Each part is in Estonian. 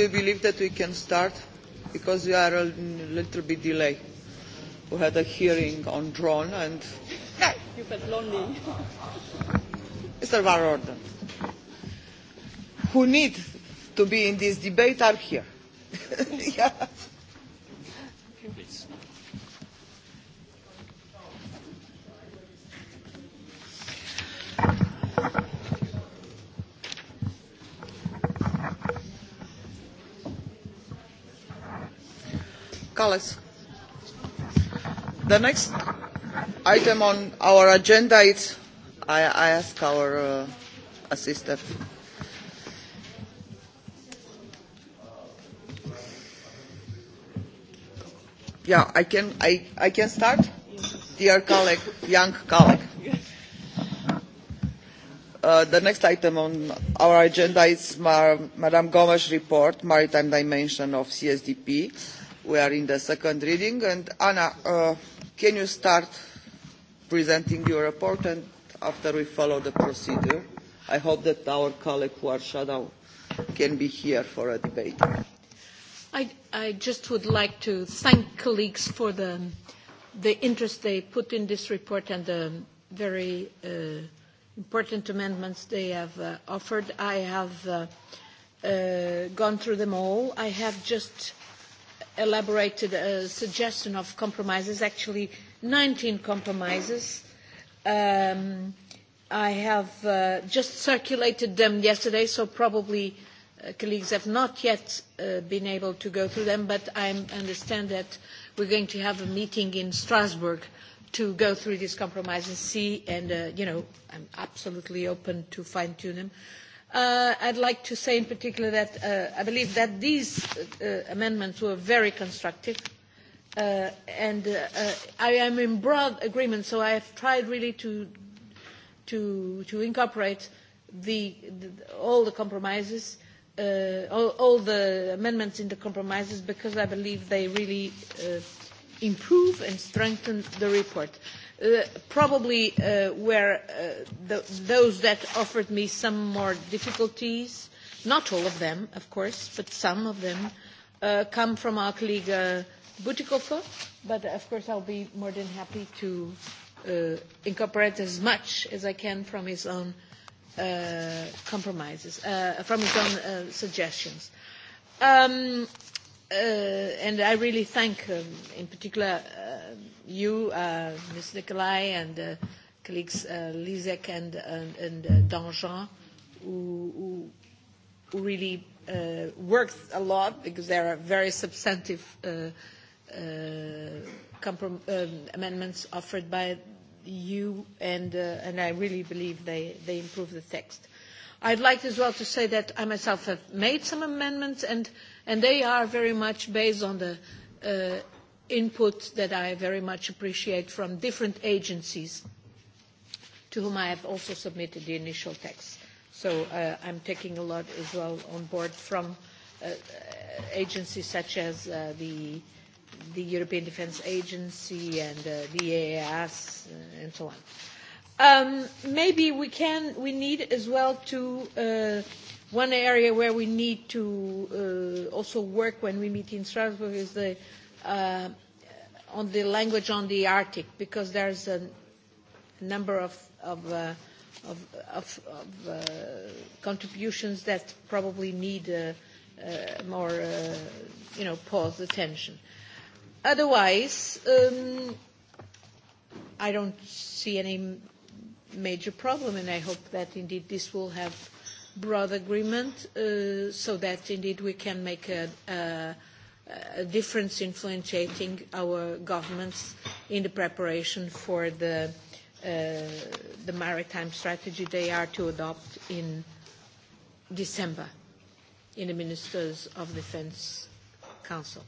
Do you believe that we can start? Because we are a little bit delayed. We had a hearing on drone and... you felt lonely. Mr. Van Orden, who need to be in this debate are here. yeah. Kallas. The next item on our agenda is I, I ask our uh, assistant. Yeah, I can, I, I can start? Dear colleague, young colleague. Uh, the next item on our agenda is Mar Madame Gomes' report, Maritime Dimension of CSDP We are in the second reading. And Anna, uh, can you start presenting your report and after we follow the procedure? I hope that our colleague who are shadow can be here for a debate. I, I just would like to thank colleagues for the, the interest they put in this report and the very uh, important amendments they have uh, offered. I have uh, uh, gone through them all. I have just elaborated a suggestion of compromises, actually 19 compromises. Um, I have uh, just circulated them yesterday, so probably uh, colleagues have not yet uh, been able to go through them, but I understand that we're going to have a meeting in Strasbourg to go through this compromise and see, and, uh, you know, I'm absolutely open to fine-tune them. Uh, Uh, I'd like to say in particular that uh, I believe that these uh, uh, amendments were very constructive. Uh, and uh, uh, I am in broad agreement, so I have tried really to, to, to incorporate the, the, all the compromises, uh, all, all the amendments in the compromises, because I believe they really uh, improve and strengthen the report. Uh, Uh, probably uh, were uh, the, those that offered me some more difficulties. Not all of them, of course, but some of them uh, come from our colleague uh, Butikofer. But of course, I'll be more than happy to uh, incorporate as much as I can from his own uh, compromises, uh, from his own uh, suggestions. Um, uh, and I really thank, um, in particular, uh, you, uh, Ms. Nicolai, and uh, colleagues uh, Lisek and, and, uh, and uh, Danjean, who, who really uh, worked a lot because there are very substantive uh, uh, comprom- um, amendments offered by you, and, uh, and I really believe they, they improve the text. Uh, I'd like as well to say that I myself have made some amendments, and, and they are very much based on the uh, input that I very much appreciate from different agencies to whom I have also submitted the initial text. So uh, I'm taking a lot as well on board from uh, agencies such as uh, the, the European Defence Agency and uh, the EAS uh, and so on. Uh, Um, maybe we can, we need as well to, uh, one area where we need to uh, also work when we meet in Strasbourg is the, uh, on the language on the Arctic, because there's a number of, of, uh, of, of, of uh, contributions that probably need uh, uh, more, uh, you know, paused attention. Otherwise, um, I don't see any major problem, and I hope that indeed this will have broad agreement uh, so that indeed we can make a, a, a difference influencing our governments in the preparation for the, uh, the maritime strategy they are to adopt in December in the Ministers of Defense Council.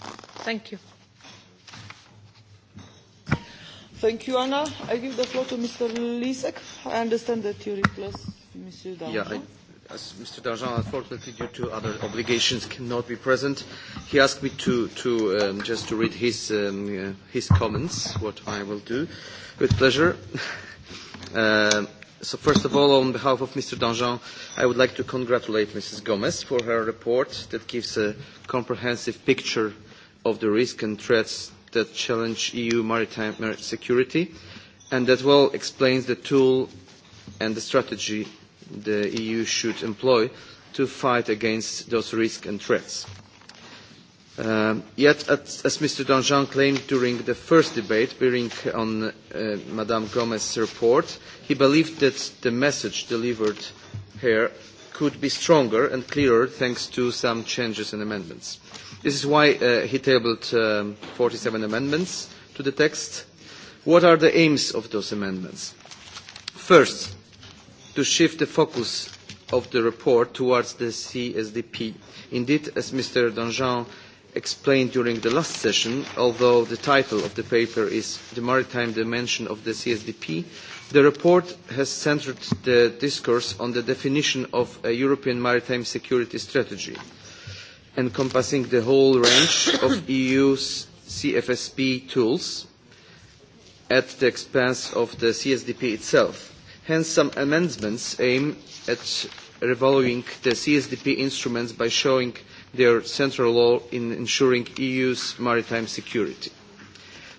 Thank you. Thank you, Anna. I give the floor to Mr. Lisek. I understand that you replace Mr. Danjean. Yeah, I, as Mr. Danjean, unfortunately, due to other obligations, cannot be present. He asked me to, to um, just to read his, um, uh, his comments, what I will do with pleasure. uh, so first of all, on behalf of Mr. Danjean, I would like to congratulate Mrs. Gomez for her report that gives a comprehensive picture of the risk and threats that challenge EU maritime uh, security, and that well explains the tool and the strategy the EU should employ to fight against those risks and threats. Um, yet, as, as Mr. Danjean claimed during the first debate bearing on uh, Madame Gomez's report, he believed that the message delivered here could be stronger and clearer thanks to some changes and amendments. This is why uh, he tabled um, 47 amendments to the text. What are the aims of those amendments? First, to shift the focus of the report towards the CSDP. Indeed, as Mr. Danjean explained during the last session, although the title of the paper is The Maritime Dimension of the CSDP, The report has centered the discourse on the definition of a European maritime security strategy, encompassing the whole range of EU's CFSP tools at the expense of the CSDP itself. Hence, some amendments aim at revaluing the CSDP instruments by showing their central role in ensuring EU's maritime security.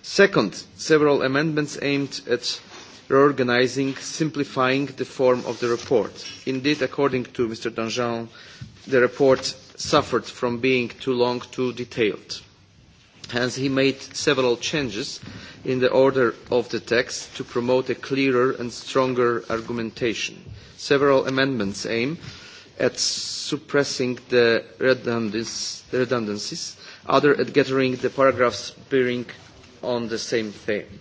Second, several amendments aimed at reorganizing, simplifying the form of the report. Indeed, according to Mr. Danjean, the report suffered from being too long, too detailed. Hence, he made several changes in the order of the text to promote a clearer and stronger argumentation. Several amendments aim at suppressing the redundancies, other at gathering the paragraphs bearing on the same theme.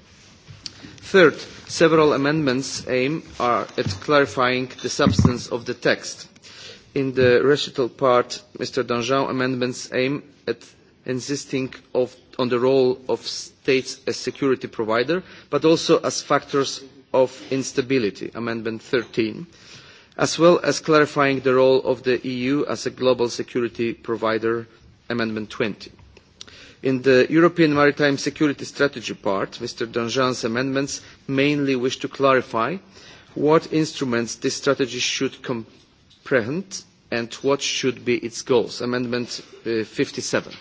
Third, several amendments aim are at clarifying the substance of the text. In the recital part, Mr. Danjean amendments aim at insisting of, on the role of states as security provider, but also as factors of instability, Amendment 13, as well as clarifying the role of the EU as a global security provider, Amendment 20. In the European Maritime Security Strategy part, Mr. Danjean's amendments mainly wish to clarify what instruments this strategy should comprehend and what should be its goals. Amendment uh, 57.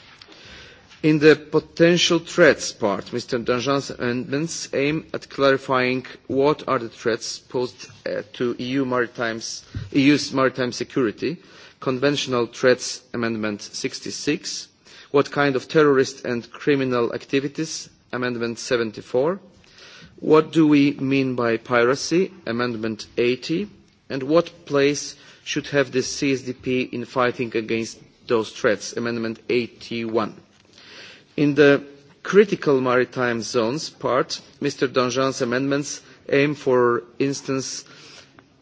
In the potential threats part, Mr. Danjean's amendments aim at clarifying what are the threats posed uh, to EU maritimes, EU's maritime security, conventional threats amendment 66, what kind of terrorist and criminal activities, Amendment 74. What do we mean by piracy, Amendment 80. And what place should have the CSDP in fighting against those threats, Amendment 81. In the critical maritime zones part, Mr. Danjean's amendments aim, for instance,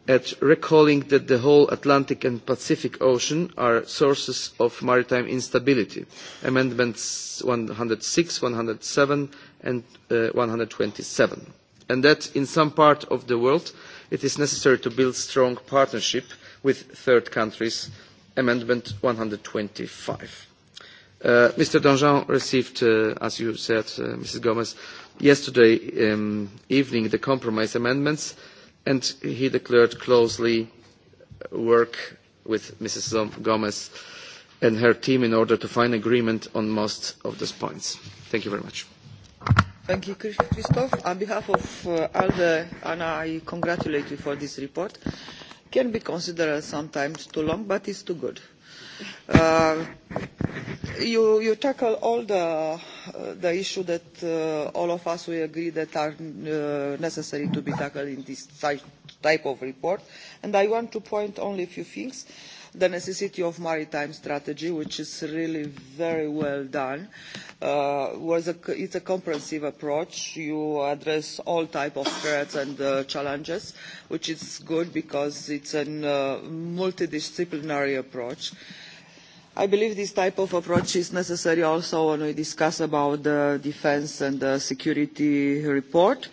at recalling that the whole Atlantic and Pacific Ocean are sources of maritime instability. Amendments 106, 107 and uh, 127. And that in some part of the world it is necessary to build strong partnership with third countries. Amendment 125. Uh, Mr. Danjean received, uh, as you said, uh, Mrs. Gomez, yesterday um, evening the compromise amendments uh, and he declared closely work with Mrs. Gomez and her team in order to find agreement on most of these points. Thank you very much. Thank you, Christoph. On behalf of uh, ALDE, Anna, I congratulate you for this report. Can be considered sometimes too long, but it's too good. Uh, You, you tackle all the, uh, the issues that uh, all of us we agree that are uh, necessary to be tackled in this type of report. And I want to point only a few things. The necessity of maritime strategy, which is really very well done, uh, was a, it's a comprehensive approach. You address all type of threats and uh, challenges, which is good because it's a uh, multidisciplinary approach. Uh, i believe this type of approach is necessary also when we discuss about the defence and the security report.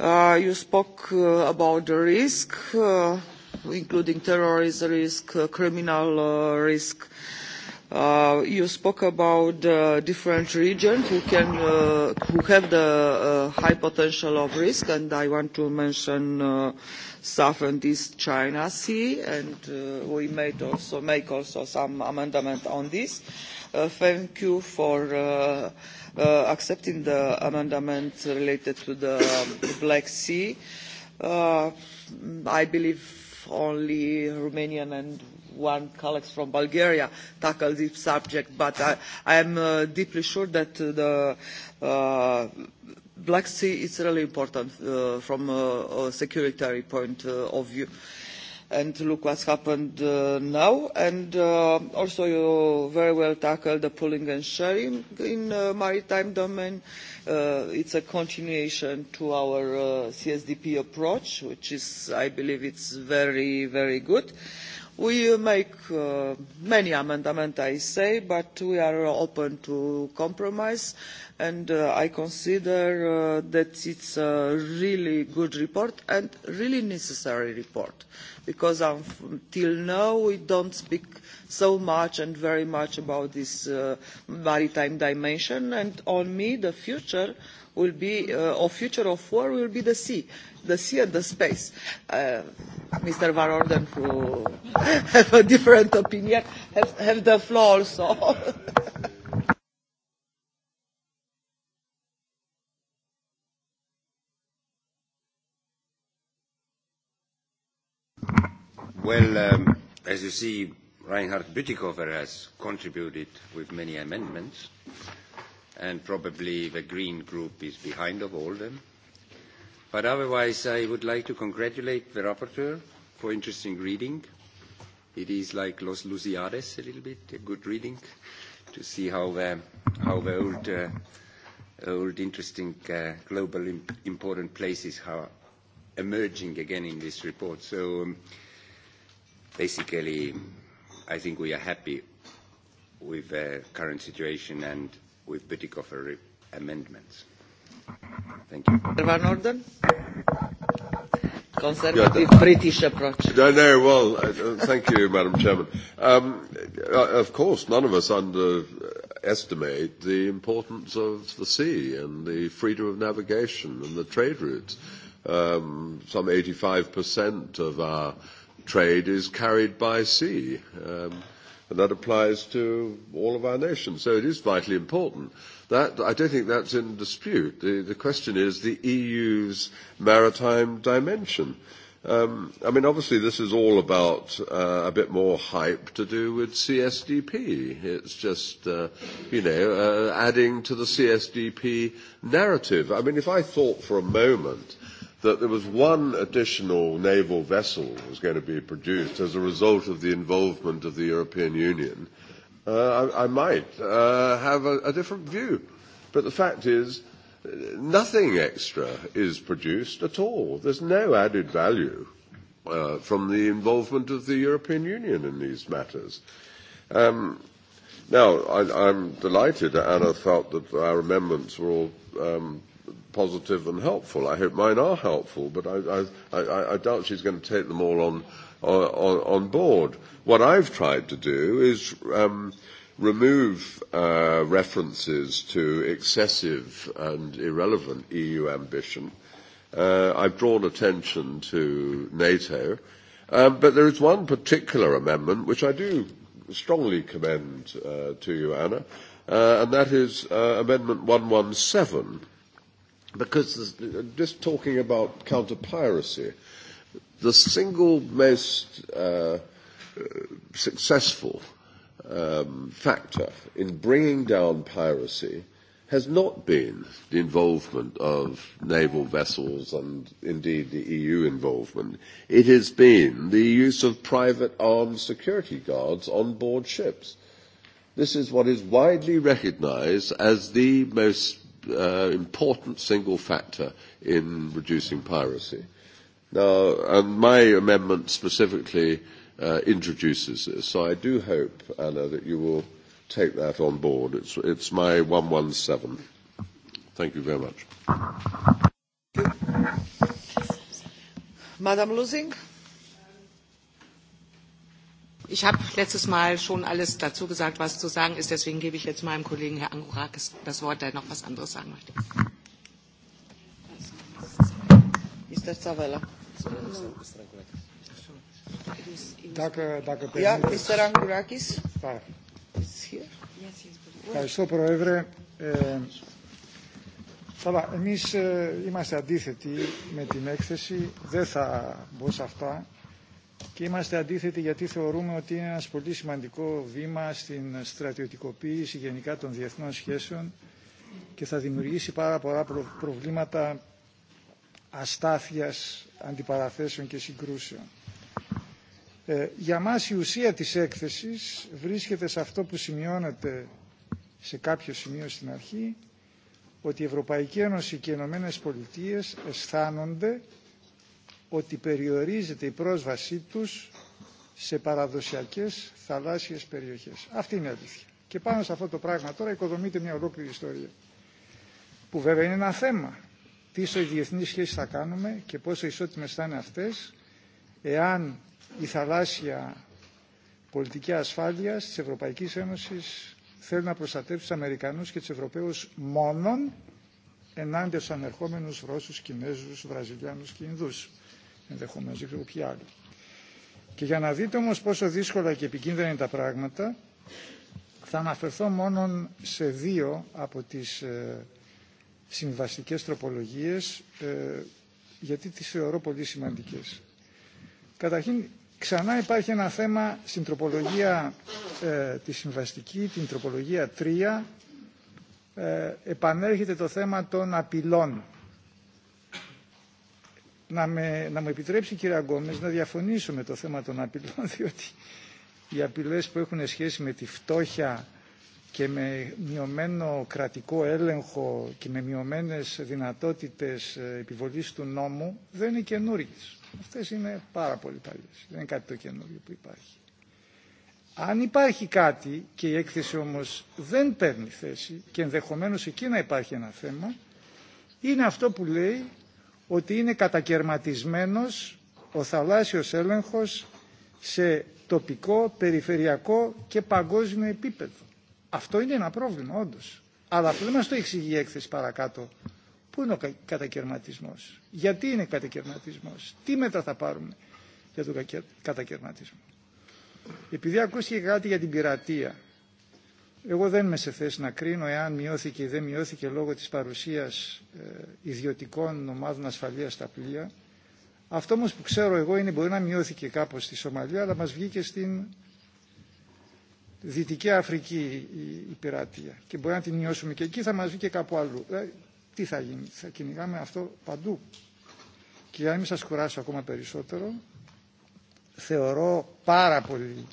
Uh, you spoke uh, about the risk uh, including terrorism risk uh, criminal uh, risk. Uh, you spoke about the different regions who, who have the high potential of risk and i want to mention southern East China Sea, and uh, we made also make also some amendment on this. Uh, thank you for uh, uh, accepting the amendment related to the um, Black Sea. Uh, I believe only Romanian and one colleague from Bulgaria tackled this subject, but I, I am uh, deeply sure that uh, the uh, Black Sea is really important uh, from a, a security point uh, of view. And look what's happened uh, now. And uh, also you very well tackled the pooling and sharing in uh, maritime domain. Uh, it's a continuation to our uh, CSDP approach, which is, I believe, it's very, very good. We make uh, many amendments, I say, but we are open to compromise. Uh, and uh, I consider uh, that it's a really good report and really necessary report because until now we don't speak so much and very much about this uh, maritime dimension and on me the future will be uh, or future of war will be the sea the sea and the space uh, mr van orden who have a different opinion have, have the floor also Well, um, as you see, Reinhard Bütikofer has contributed with many amendments, and probably the Green Group is behind of all them. But otherwise, I would like to congratulate the rapporteur for interesting reading. It is like Los Luciades a little bit, a good reading to see how the, how the old, uh, old interesting uh, global imp- important places are emerging again in this report. So um, Basically, I think we are happy with the current situation and with Bütikofer amendments. Thank you. Van Orden? Conservative yeah, British approach. No, no, well, uh, uh, thank you, Madam Chairman. Um, uh, of course, none of us underestimate the importance of the sea and the freedom of navigation and the trade routes. Um, some 85% of our uh, trade is carried by sea. Um, and that applies to all of our nations. So it is vitally important. That, I don't think that's in dispute. The, the question is the EU's maritime dimension. Um, I mean, obviously, this is all about uh, a bit more hype to do with CSDP. It's just, uh, you know, uh, adding to the CSDP narrative. I mean, if I thought for a moment uh, that there was one additional naval vessel was going to be produced as a result of the involvement of the European Union, uh, I, I might uh, have a, a different view. But the fact is, nothing extra is produced at all. There's no added value uh, from the involvement of the European Union in these matters. Um, now, I, I'm delighted that Anna felt that our amendments were all um, positive and helpful. I hope mine are helpful, but I, I, I, I doubt she's going to take them all on, on, on board. What I've tried to do is um, remove uh, references to excessive and irrelevant EU ambition. Uh, I've drawn attention to NATO, um, but there is one particular amendment which I do strongly commend uh, to you, Anna, uh, and that is uh, Amendment 117 because just talking about counter piracy, the single most uh, successful um, factor in bringing down piracy has not been the involvement of naval vessels and indeed the EU involvement. It has been the use of private armed security guards on board ships. This is what is widely recognized as the most uh, important single factor in reducing piracy. Now, and my amendment specifically uh, introduces this, so I do hope, Anna, that you will take that on board. It's, it's my 117. Thank you very much. Madam Lusing? Ich habe letztes Mal schon alles dazu gesagt, was zu sagen ist. Deswegen gebe ich jetzt meinem Kollegen Herrn Angurakis das Wort, der noch was anderes sagen möchte. Mr. Zavella. Dacă, dacă permiteți... Yeah, Mr. Angurakis. Da. Ευχαριστώ, Πρόεδρε. Ε, καλά, εμείς ε, είμαστε αντίθετοι με την έκθεση. Δεν θα μπω σε αυτά και είμαστε αντίθετοι γιατί θεωρούμε ότι είναι ένας πολύ σημαντικό βήμα στην στρατιωτικοποίηση γενικά των διεθνών σχέσεων και θα δημιουργήσει πάρα πολλά προβλήματα αστάθειας, αντιπαραθέσεων και συγκρούσεων. Ε, για μας η ουσία της έκθεσης βρίσκεται σε αυτό που σημειώνεται σε κάποιο σημείο στην αρχή, ότι η Ευρωπαϊκή Ένωση και οι Ηνωμένε Πολιτείες αισθάνονται ότι περιορίζεται η πρόσβασή τους σε παραδοσιακές θαλάσσιες περιοχές. Αυτή είναι η αλήθεια. Και πάνω σε αυτό το πράγμα τώρα οικοδομείται μια ολόκληρη ιστορία. Που βέβαια είναι ένα θέμα. Τι στο διεθνεί σχέση θα κάνουμε και πόσο ισότιμες θα είναι αυτές εάν η θαλάσσια πολιτική ασφάλειας της Ευρωπαϊκής Ένωσης θέλει να προστατεύσει τους Αμερικανούς και τους Ευρωπαίους μόνον ενάντια στους ανερχόμενους Ρώσους, Κινέζους, Βραζιλιάνους και Ινδούς ενδεχομένως, δεν ξέρω ποιοι άλλοι. Και για να δείτε όμως πόσο δύσκολα και επικίνδυνα είναι τα πράγματα, θα αναφερθώ μόνο σε δύο από τις ε, συμβαστικές τροπολογίες, ε, γιατί τις θεωρώ πολύ σημαντικές. Καταρχήν, ξανά υπάρχει ένα θέμα στην τροπολογία ε, τη συμβαστική, την τροπολογία 3, ε, επανέρχεται το θέμα των απειλών να, με, να μου επιτρέψει κύριε Αγκόμες να διαφωνήσω με το θέμα των απειλών διότι οι απειλές που έχουν σχέση με τη φτώχεια και με μειωμένο κρατικό έλεγχο και με μειωμένες δυνατότητες επιβολής του νόμου δεν είναι καινούργιες. Αυτές είναι πάρα πολύ παλιές. Δεν είναι κάτι το καινούργιο που υπάρχει. Αν υπάρχει κάτι και η έκθεση όμως δεν παίρνει θέση και ενδεχομένως εκεί να υπάρχει ένα θέμα, είναι αυτό που λέει ότι είναι κατακαιρματισμένος ο θαλάσσιος έλεγχος σε τοπικό, περιφερειακό και παγκόσμιο επίπεδο. Αυτό είναι ένα πρόβλημα όντως. Αλλά αυτό δεν μας το εξηγεί η έκθεση παρακάτω. Πού είναι ο κατακαιρματισμός, γιατί είναι κατακαιρματισμός, τι μέτρα θα πάρουμε για τον κατακαιρματισμό. Επειδή ακούστηκε κάτι για την πειρατεία, Εγώ δεν είμαι σε θέση να κρίνω εάν μειώθηκε ή δεν μειώθηκε λόγω της παρουσίας ε, ιδιωτικών ομάδων ασφαλείας στα πλοία. Αυτό όμως που ξέρω εγώ είναι μπορεί να μειώθηκε κάπως στη Σομαλία, αλλά μας βγήκε στην Δυτική Αφρική η, η πειρατεία. Και μπορεί να τη μειώσουμε και εκεί, θα μας βγει και κάπου αλλού. Ε, τι θα γίνει, θα κυνηγάμε αυτό παντού. Και για να μην σας κουράσω ακόμα περισσότερο, θεωρώ πάρα πολύ,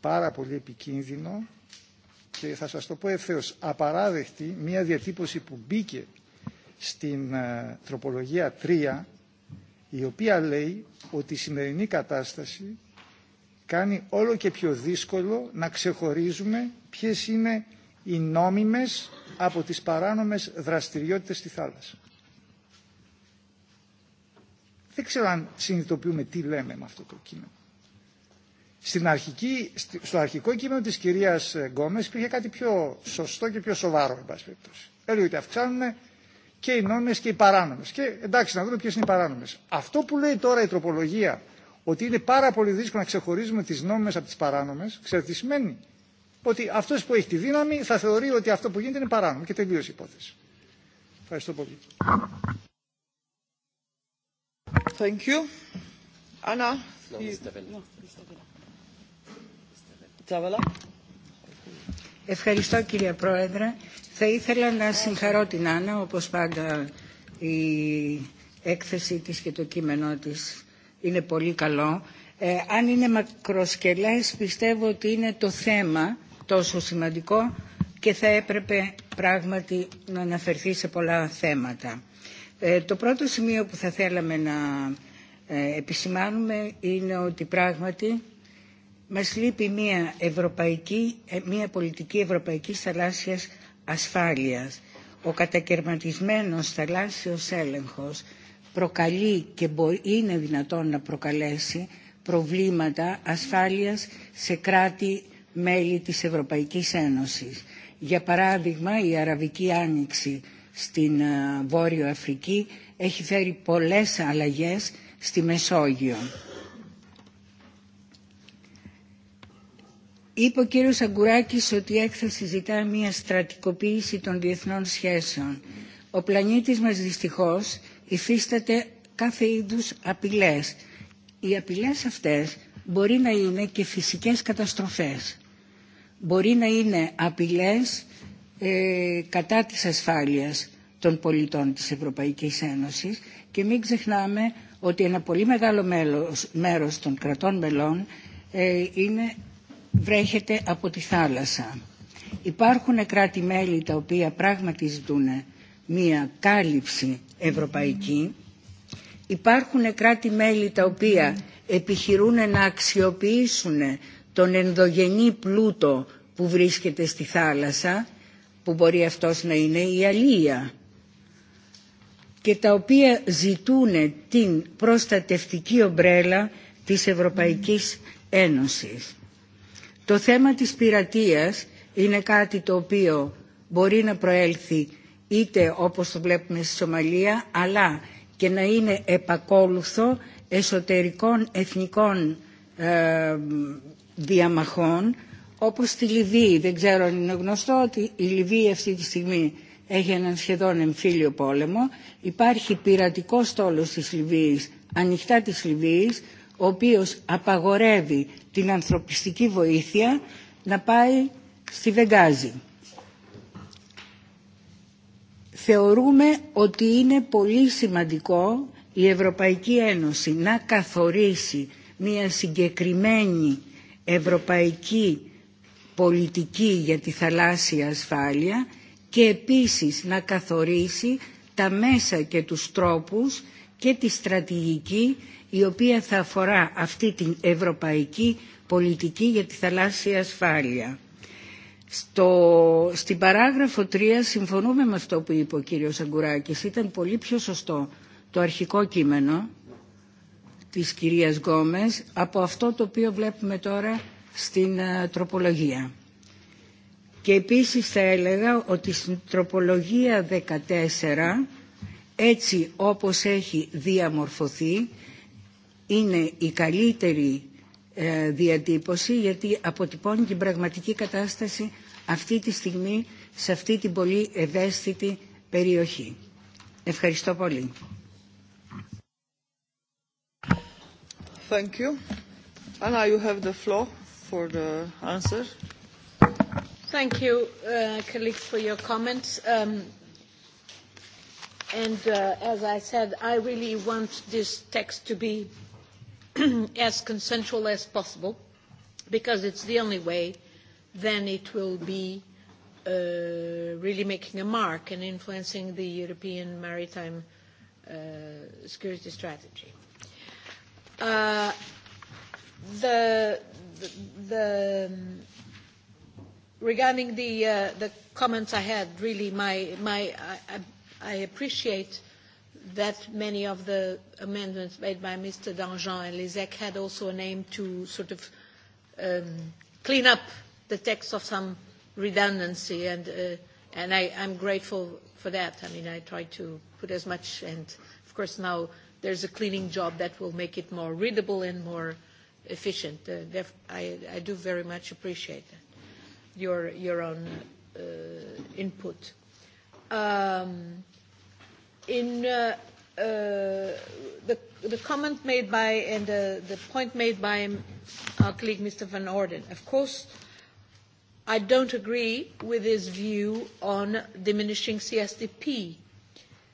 πάρα πολύ επικίνδυνο και θα σας το πω ευθέως απαράδεκτη μια διατύπωση που μπήκε στην ε, τροπολογία 3 η οποία λέει ότι η σημερινή κατάσταση κάνει όλο και πιο δύσκολο να ξεχωρίζουμε ποιες είναι οι νόμιμες από τις παράνομες δραστηριότητες στη θάλασσα. Δεν ξέρω αν συνειδητοποιούμε τι λέμε με αυτό το κείμενο στην αρχική, στο αρχικό κείμενο της κυρίας Γκόμες υπήρχε κάτι πιο σωστό και πιο σοβαρό, εν πάση περιπτώσει. Έλεγε ότι αυξάνουν και οι νόμιμες και οι παράνομες. Και εντάξει, να δούμε ποιες είναι οι παράνομες. Αυτό που λέει τώρα η τροπολογία, ότι είναι πάρα πολύ δύσκολο να ξεχωρίζουμε τις νόμιμες από τις παράνομες, ξέρετε τι σημαίνει. Ότι αυτός που έχει τη δύναμη θα θεωρεί ότι αυτό που γίνεται είναι παράνομο και τελείωσε η υπόθεση. Ευχαριστώ πολύ. Thank you. Anna, no, you... No, Τσάβαλα. Ευχαριστώ κύριε Πρόεδρε. Θα ήθελα να συγχαρώ την Άννα, όπως πάντα η έκθεση της και το κείμενό της είναι πολύ καλό. Ε, αν είναι μακροσκελές πιστεύω ότι είναι το θέμα τόσο σημαντικό και θα έπρεπε πράγματι να αναφερθεί σε πολλά θέματα. Ε, το πρώτο σημείο που θα θέλαμε να ε, επισημάνουμε είναι ότι πράγματι μας λείπει μια, ευρωπαϊκή, μια πολιτική ευρωπαϊκής θαλάσσιας ασφάλειας. Ο κατακαιρματισμένος θαλάσσιος έλεγχος προκαλεί και είναι δυνατόν να προκαλέσει προβλήματα ασφάλειας σε κράτη μέλη της Ευρωπαϊκής Ένωσης. Για παράδειγμα, η Αραβική Άνοιξη στην Βόρειο Αφρική έχει φέρει πολλές αλλαγές στη Μεσόγειο Είπε ο κύριος Αγκουράκης ότι έκθεση ζητά μια στρατικοποίηση των διεθνών σχέσεων. Ο πλανήτης μας δυστυχώς υφίσταται κάθε είδους απειλές. Οι απειλές αυτές μπορεί να είναι και φυσικές καταστροφές. Μπορεί να είναι απειλές ε, κατά της ασφάλειας των πολιτών της Ευρωπαϊκής Ένωσης και μην ξεχνάμε ότι ένα πολύ μεγάλο μέλος, μέρος των κρατών μελών ε, είναι βρέχεται από τη θάλασσα. Υπάρχουν κράτη-μέλη τα οποία πράγματι ζητούν μία κάλυψη ευρωπαϊκή. Υπάρχουν κράτη-μέλη τα οποία επιχειρούν να αξιοποιήσουν τον ενδογενή πλούτο που βρίσκεται στη θάλασσα, που μπορεί αυτός να είναι η αλία, και τα οποία ζητούν την προστατευτική ομπρέλα της Ευρωπαϊκής Ένωσης. Το θέμα της πειρατείας είναι κάτι το οποίο μπορεί να προέλθει είτε όπως το βλέπουμε στη Σομαλία, αλλά και να είναι επακόλουθο εσωτερικών εθνικών ε, διαμαχών, όπως στη Λιβύη. Δεν ξέρω αν είναι γνωστό ότι η Λιβύη αυτή τη στιγμή έχει έναν σχεδόν εμφύλιο πόλεμο. Υπάρχει πειρατικό στόλος της Λιβύης, ανοιχτά της Λιβύης, ο οποίος απαγορεύει την ανθρωπιστική βοήθεια να πάει στη Βεγγάζη. Θεωρούμε ότι είναι πολύ σημαντικό η Ευρωπαϊκή Ένωση να καθορίσει μια συγκεκριμένη ευρωπαϊκή πολιτική για τη θαλάσσια ασφάλεια και επίσης να καθορίσει τα μέσα και τους τρόπους και τη στρατηγική η οποία θα αφορά αυτή την ευρωπαϊκή πολιτική για τη θαλάσσια ασφάλεια. Στο, στην παράγραφο 3 συμφωνούμε με αυτό που είπε ο κύριος Αγκουράκης. Ήταν πολύ πιο σωστό το αρχικό κείμενο της κυρίας Γκόμες από αυτό το οποίο βλέπουμε τώρα στην α, τροπολογία. Και επίσης θα έλεγα ότι στην τροπολογία 14 έτσι όπως έχει διαμορφωθεί είναι η καλύτερη ε, διατύπωση γιατί αποτυπώνει την πραγματική κατάσταση αυτή τη στιγμή σε αυτή την πολύ ευαίσθητη περιοχή. Ευχαριστώ πολύ. Thank you. Anna, you have the floor for the answer. Thank you, uh, colleagues, for your comments. Um, and uh, as I said, I really want this text to be as consensual as possible, because it's the only way then it will be uh, really making a mark and influencing the European maritime uh, security strategy. Uh, the, the, the, um, regarding the, uh, the comments I had, really, my, my, I, I appreciate that many of the amendments made by Mr. Danjean and Lisek had also an aim to sort of um, clean up the text of some redundancy, and, uh, and I, I'm grateful for that. I mean, I tried to put as much, and of course now there's a cleaning job that will make it more readable and more efficient. Uh, I, I do very much appreciate that, your, your own uh, input. Um, in uh, uh, the, the comment made by and the, the point made by our colleague Mr. Van Orden, of course, I don't agree with his view on diminishing CSDP.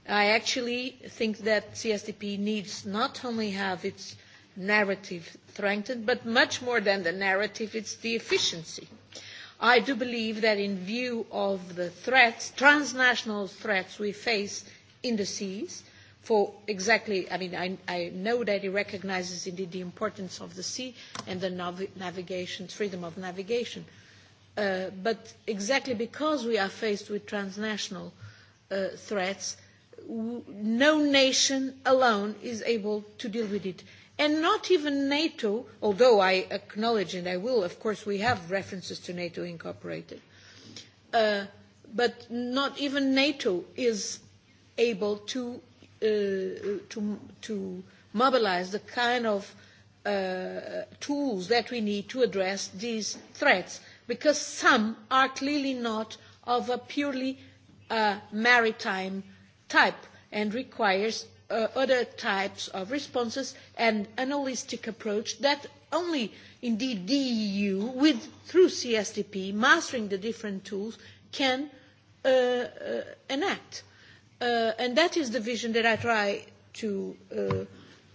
I actually think that CSDP needs not only have its narrative strengthened, but much more than the narrative, it's the efficiency. I do believe that in view of the threats, transnational threats we face indices for exactly, I mean, I, I know that he recognizes indeed the importance of the sea and the nav- navigation, freedom of navigation. Uh, but exactly because we are faced with transnational uh, threats, w- no nation alone is able to deal with it. And not even NATO, although I acknowledge and I will, of course, we have references to NATO incorporated. Uh, but not even NATO is able to, uh, to, to mobilize the kind of uh, tools that we need to address these threats, because some are clearly not of a purely uh, maritime type and requires uh, other types of responses and an holistic approach that only indeed the EU with through CSDP mastering the different tools can uh, uh, enact uh, and that is the vision that I try to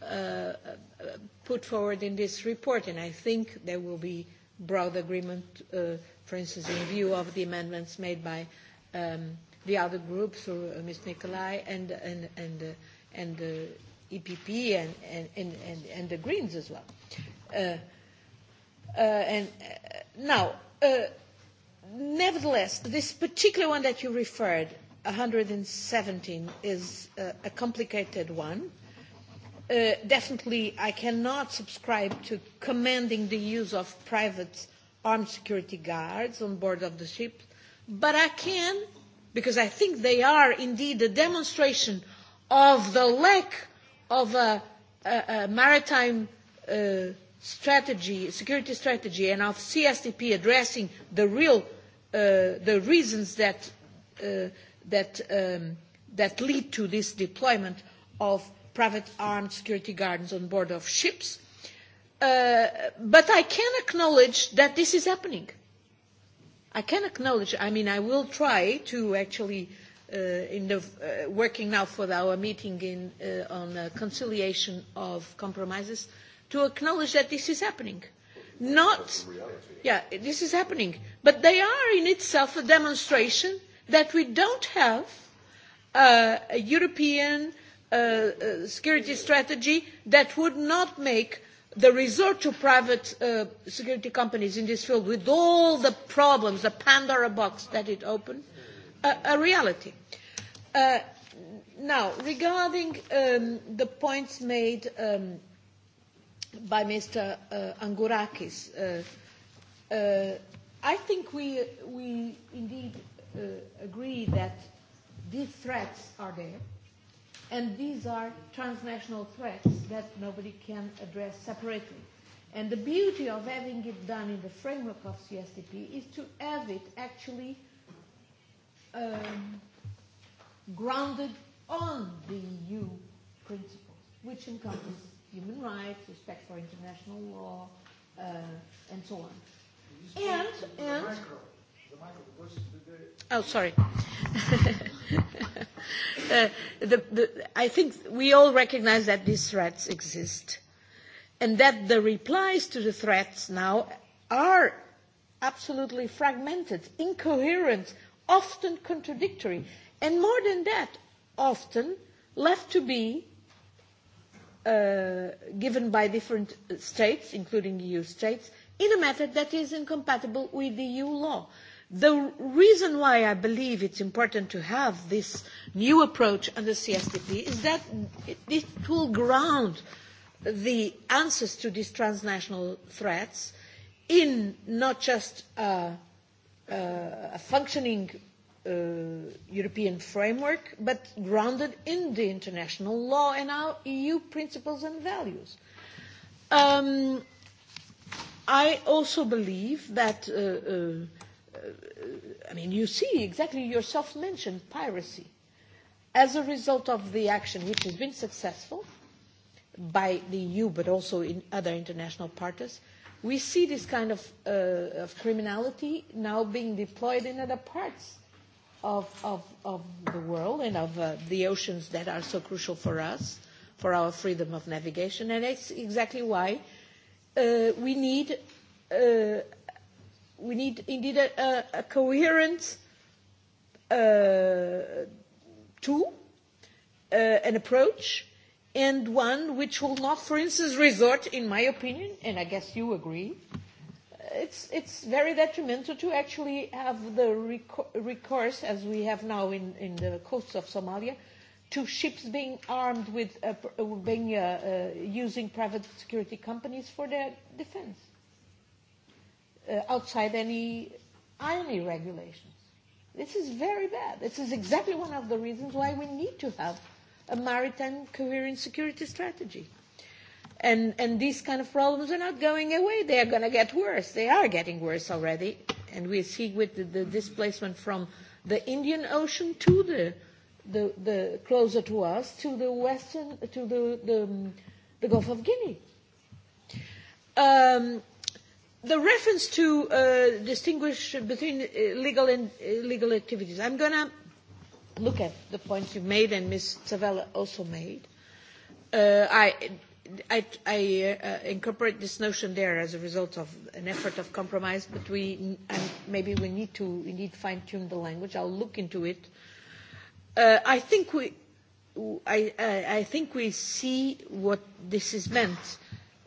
uh, uh, put forward in this report, and I think there will be broad agreement, uh, for instance, in view of the amendments made by um, the other groups, or uh, Ms. Nicolai and, and, and, uh, and the uh, EPP and, and, and, and, and the Greens as well. Uh, uh, and uh, now, uh, nevertheless, this particular one that you referred, 117 is uh, a complicated one. Uh, definitely, I cannot subscribe to commanding the use of private armed security guards on board of the ship, but I can, because I think they are indeed a demonstration of the lack of a, a, a maritime uh, strategy, security strategy, and of CSDP addressing the real, uh, the reasons that uh, that, um, that lead to this deployment of private armed security guards on board of ships. Uh, but I can acknowledge that this is happening. I can acknowledge, I mean, I will try to actually, uh, in the, uh, working now for our meeting in, uh, on uh, conciliation of compromises, to acknowledge that this is happening. Not, yeah, this is happening. But they are in itself a demonstration uh, that we don't have uh, a European uh, uh, security strategy that would not make the resort to private uh, security companies in this field with all the problems, the Pandora box that it opened, uh, a reality. Uh, now, regarding um, the points made um, by Mr. Uh, Angourakis, uh, uh, I think we, we indeed uh, agree that these threats are there, and these are transnational threats that nobody can address separately. And the beauty of having it done in the framework of CSDP is to have it actually um, grounded on the EU principles, which encompass human rights, respect for international law, uh, and so on. And, and, micro Oh, sorry. uh, the, the, I think we all recognize that these threats exist and that the replies to the threats now are absolutely fragmented, incoherent, often contradictory, and more than that, often left to be uh, given by different states, including EU states, in a method that is incompatible with EU law. Uh, The reason why I believe it's important to have this new approach under CSDP is that it will ground the answers to these transnational threats in not just uh, uh, a functioning uh, European framework, but grounded in the international law and our EU principles and values. Um, I also believe that uh, uh, I mean, you see exactly yourself mentioned piracy as a result of the action which has been successful by the EU but also in other international partners, we see this kind of, uh, of criminality now being deployed in other parts of, of, of the world and of uh, the oceans that are so crucial for us, for our freedom of navigation. And that's exactly why uh, we need uh, we need indeed a, a coherent uh, tool, uh, an approach, and one which will not, for instance, resort, in my opinion, and I guess you agree, it's, it's very detrimental to actually have the recor- recourse, as we have now in, in the coasts of Somalia, to ships being armed with, uh, being, uh, uh, using private security companies for their defense. Uh, uh, outside any IMI regulations. This is very bad. This is exactly one of the reasons why we need to have a maritime coherent security strategy. And, and these kind of problems are not going away. They are going to get worse. They are getting worse already. And we see with the, the displacement from the Indian Ocean to the, the, the closer to us, to the western, to the, the, the Gulf of Guinea. Um, the reference to uh, distinguish between uh, legal and illegal uh, activities, I'm going to look at the points you made and Ms. Zavella also made. Uh, I, I, I uh, incorporate this notion there as a result of an effort of compromise, but we, and maybe we need to we need fine-tune the language. I'll look into it. Uh, I think we, I, I, I think we see what this is meant.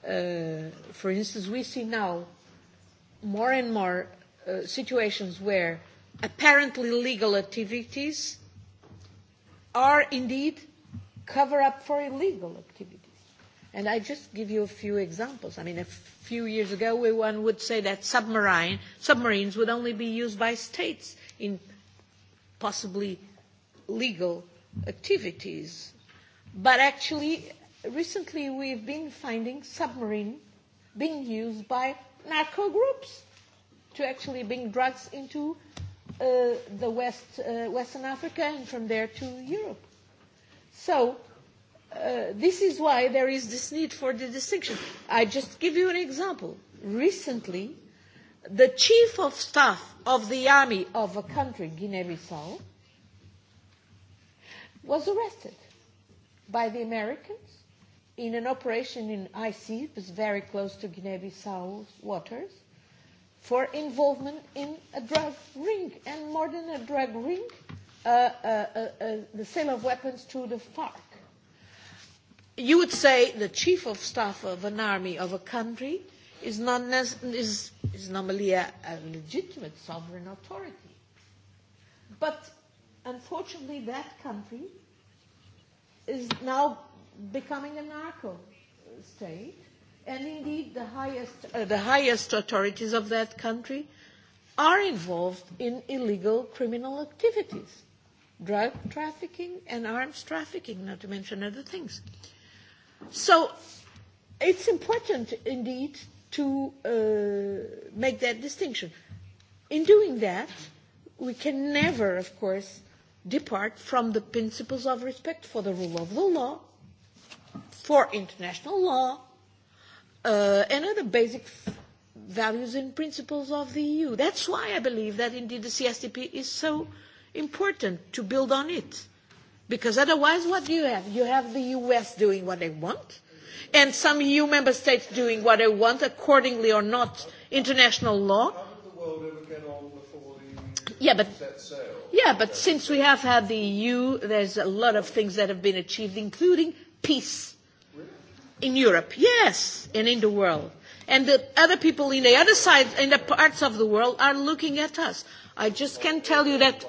Uh, for instance, we see now more and more uh, situations where apparently legal activities are indeed cover up for illegal activities. And I just give you a few examples. I mean, a few years ago, we, one would say that submarine, submarines would only be used by states in possibly legal activities. But actually, recently we've been finding submarine being used by narco groups to actually bring drugs into uh, the West, uh, Western Africa and from there to Europe. So uh, this is why there is this need for the distinction. I just give you an example. Recently, the chief of staff of the army of a country, Guinea-Bissau, was arrested by the Americans in an operation in IC, was very close to Guinea-Bissau waters, for involvement in a drug ring, and more than a drug ring, uh, uh, uh, uh, the sale of weapons to the FARC. You would say the chief of staff of an army of a country is, not is, is normally a, a legitimate sovereign authority. But unfortunately, that country is now becoming a narco state. And indeed, the highest, uh, the highest authorities of that country are involved in illegal criminal activities, drug trafficking and arms trafficking, not to mention other things. So it's important, indeed, to uh, make that distinction. In doing that, we can never, of course, depart from the principles of respect for the rule of the law for international law uh, and other basic values and principles of the EU. That's why I believe that indeed the CSDP is so important to build on it. Because otherwise, what do you have? You have the US doing what they want, and some EU member states doing what they want, accordingly or not, international law. Yeah, but, yeah, but since we have had the EU, there's a lot of things that have been achieved, including peace in Europe, yes, and in the world. And the other people in the other side, in the parts of the world, are looking at us. I just can tell you that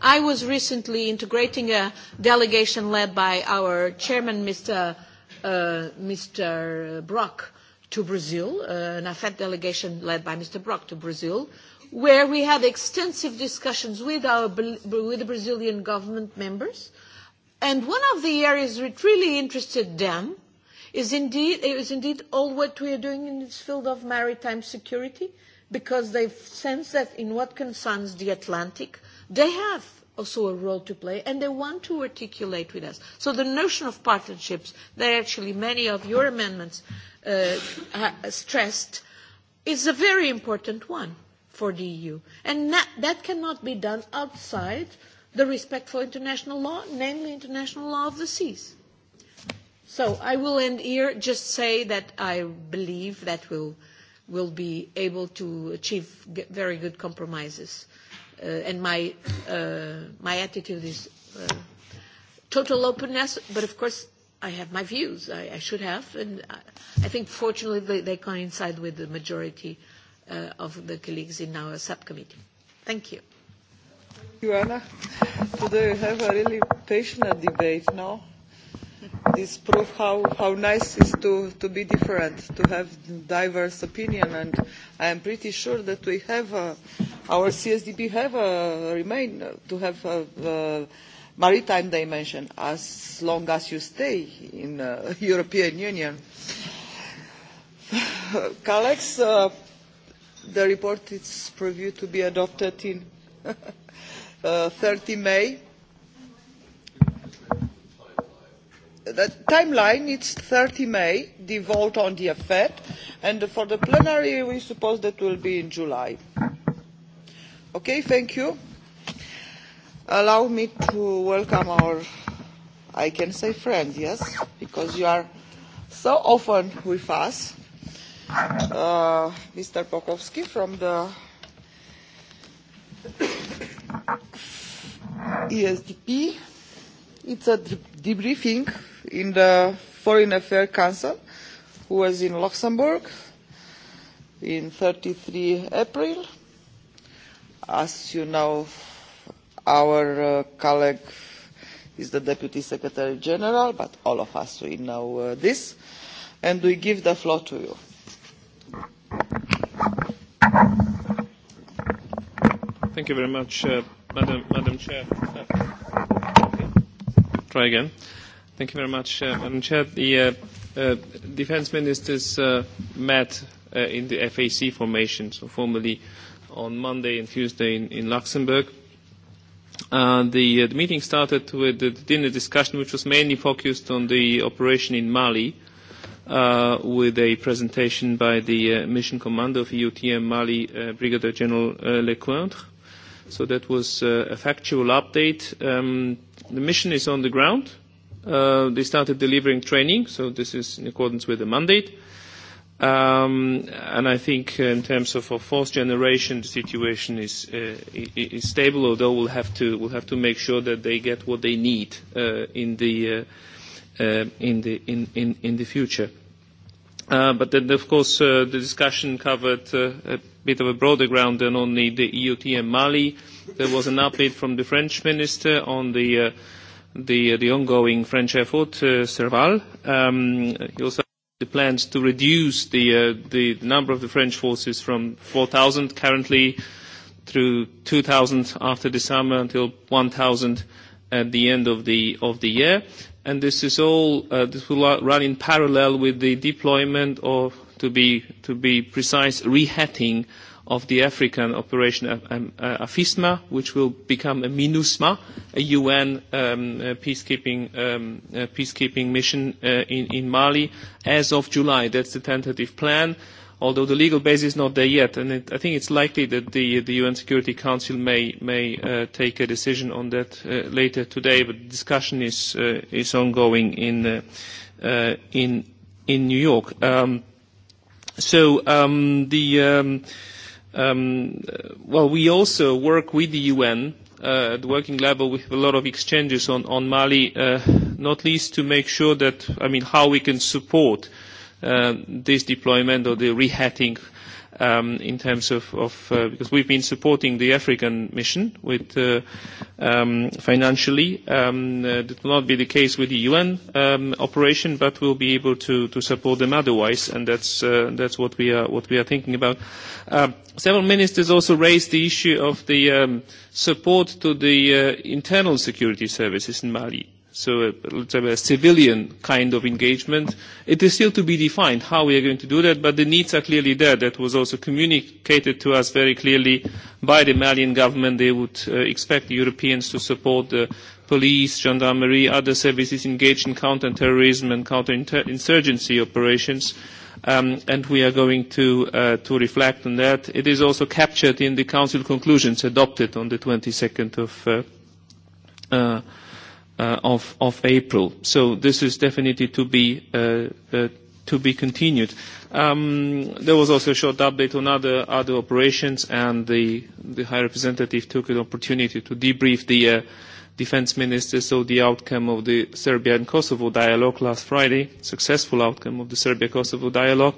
I was recently integrating a delegation led by our chairman, Mr. Uh, Mr. Brock, to Brazil, uh, an AFET delegation led by Mr. Brock to Brazil, where we had extensive discussions with, our, with the Brazilian government members. And one of the areas which really interested them Is indeed, is indeed all what we are doing in this field of maritime security? Because they've sensed that in what concerns the Atlantic, they have also a role to play, and they want to articulate with us. So the notion of partnerships that actually many of your amendments uh, stressed is a very important one for the EU. And that, that cannot be done outside the respect for international law, namely international law of the seas. So I will end here. Just say that I believe that we'll, we'll be able to achieve very good compromises. Uh, and my, uh, my attitude is uh, total openness, but of course I have my views. I, I should have, and I, I think fortunately they, they coincide with the majority uh, of the colleagues in our subcommittee. Thank you. Thank you, Anna. Today we have a really passionate debate, no? this proves how, how nice it is to, to be different, to have diverse opinion. And I am pretty sure that we have, uh, our CSDP have a, uh, remain uh, to have a, uh, a maritime dimension as long as you stay in the uh, European Union. Colleagues, uh, the report is previewed to be adopted in uh, 30 May the timeline is thirty may the vote on the effet and for the plenary we suppose that will be in july. okay thank you. allow me to welcome our i can say friends yes because you are so often with us uh, mr pokowski from the esdp it's a debriefing in the Foreign Affairs Council, who was in Luxembourg in 33 April. As you know, our uh, colleague is the Deputy Secretary General, but all of us, we know uh, this. And we give the floor to you. Thank you very much, uh, Madam, Madam Chair. Uh, okay. Try again. Uh, Thank you very much, uh, Madam Chair. The uh, uh, defense ministers uh, met uh, in the FAC formation, so formally on Monday and Tuesday in, in Luxembourg. Uh, the, uh, the meeting started with the dinner discussion, which was mainly focused on the operation in Mali, uh, with a presentation by the uh, mission commander of EUTM Mali, uh, Brigadier General uh, Lecointre. So that was uh, a factual update. Um, the mission is on the ground. Uh, Uh, they started delivering training, so this is in accordance with the mandate. Um, and I think in terms of, of fourth generation, the situation is, uh, is stable, although we'll have, to, we'll have to make sure that they get what they need uh, in, the, uh, uh, in, the, in, in, in the future. Uh, but then, of course, uh, the discussion covered uh, a bit of a broader ground than only the EUT and Mali. There was an update from the French minister on the uh, the, the ongoing French effort, uh, Serval. Um, you also the plans to reduce the, uh, the number of the French forces from 4,000 currently through 2,000 after the summer until 1,000 at the end of the, of the year. And this is all, uh, this will run in parallel with the deployment of, to be, to be precise, rehatting of the African operation um, uh, AFISMA, which will become a MINUSMA, a UN um, uh, peacekeeping, um, uh, peacekeeping mission uh, in, in Mali as of July. That's the tentative plan, although the legal base is not there yet. And it, I think it's likely that the, the UN Security Council may, may uh, take a decision on that uh, later today, but the discussion is, uh, is ongoing in, uh, uh, in, in New York. Um, so um, the... Um, uh, Um, well, we also work with the UN uh, at the working level. We have a lot of exchanges on, on Mali, uh, not least to make sure that, I mean, how we can support uh, this deployment or the rehatting uh, um, in terms of, of uh, because we've been supporting the African mission with uh, um, financially. Um, uh, that will not be the case with the UN um, operation, but we'll be able to, to support them otherwise, and that's uh, that's what we are what we are thinking about. Uh, several ministers also raised the issue of the um, support to the uh, internal security services in Mali so a, uh, let's have a civilian kind of engagement. It is still to be defined how we are going to do that, but the needs are clearly there. That was also communicated to us very clearly by the Malian government. They would uh, expect the Europeans to support the police, gendarmerie, other services engaged in counter-terrorism and counter-insurgency operations. Um, and we are going to, uh, to reflect on that. It is also captured in the Council conclusions adopted on the 22nd of uh, uh, uh, of, of April. So this is definitely to be, uh, uh, to be continued. Um, there was also a short update on other, other operations, and the, the High Representative took an opportunity to debrief the uh, defense ministers saw the outcome of the Serbia and Kosovo dialogue last Friday, successful outcome of the Serbia-Kosovo dialogue,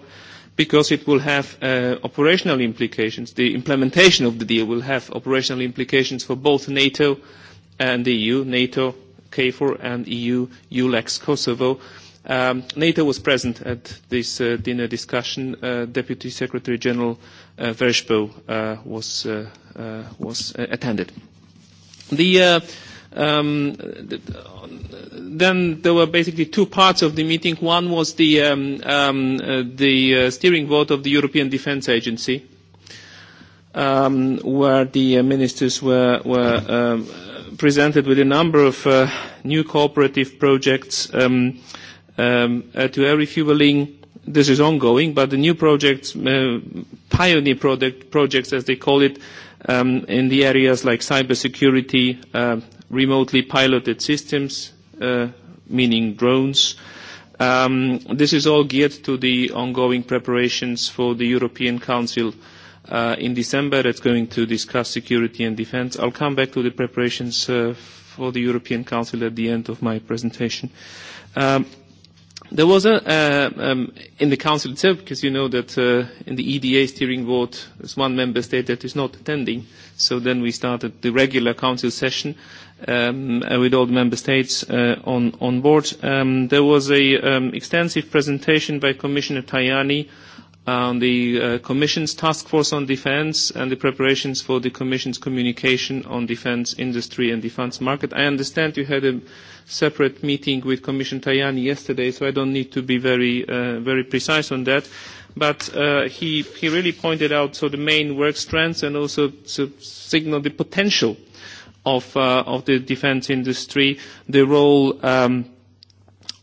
because it will have uh, operational implications. The implementation of the deal will have operational implications for both NATO and the EU. NATO KFOR and EU ULEX Kosovo. Um, NATO was present at this uh, dinner discussion. Uh, Deputy Secretary General uh, Vershbo uh, was, uh, uh, was uh, attended. The, uh, um, the, then there were basically two parts of the meeting. One was the, um, um, uh, the uh, steering vote of the European Defence Agency um, where the uh, ministers were, were um, presented with a number of uh, new cooperative projects um, um, uh, to air refueling. This is ongoing, but the new projects, uh, pioneer product projects as they call it, um, in the areas like cybersecurity, uh, remotely piloted systems, uh, meaning drones, uh, Um, this is all geared to the ongoing preparations for the European Council Uh, in December, that's going to discuss security and defense. I'll come back to the preparations uh, for the European Council at the end of my presentation. Um, There was a, uh, um, in the council itself, because you know that uh, in the EDA steering board, there's one member state that is not attending. So then we started the regular council session um, uh, with all the member states uh, on, on board. Um, there was a um, extensive presentation by Commissioner Tajani uh, on the uh, Commission's Task Force on Defence and the preparations for the Commission's communication on defence industry and defence market. I understand you had a separate meeting with Commission Tajani yesterday, so I don't need to be very, uh, very precise on that. But uh, he, he really pointed out so the main work strands and also to signal the potential of, uh, of the defence industry, the role um,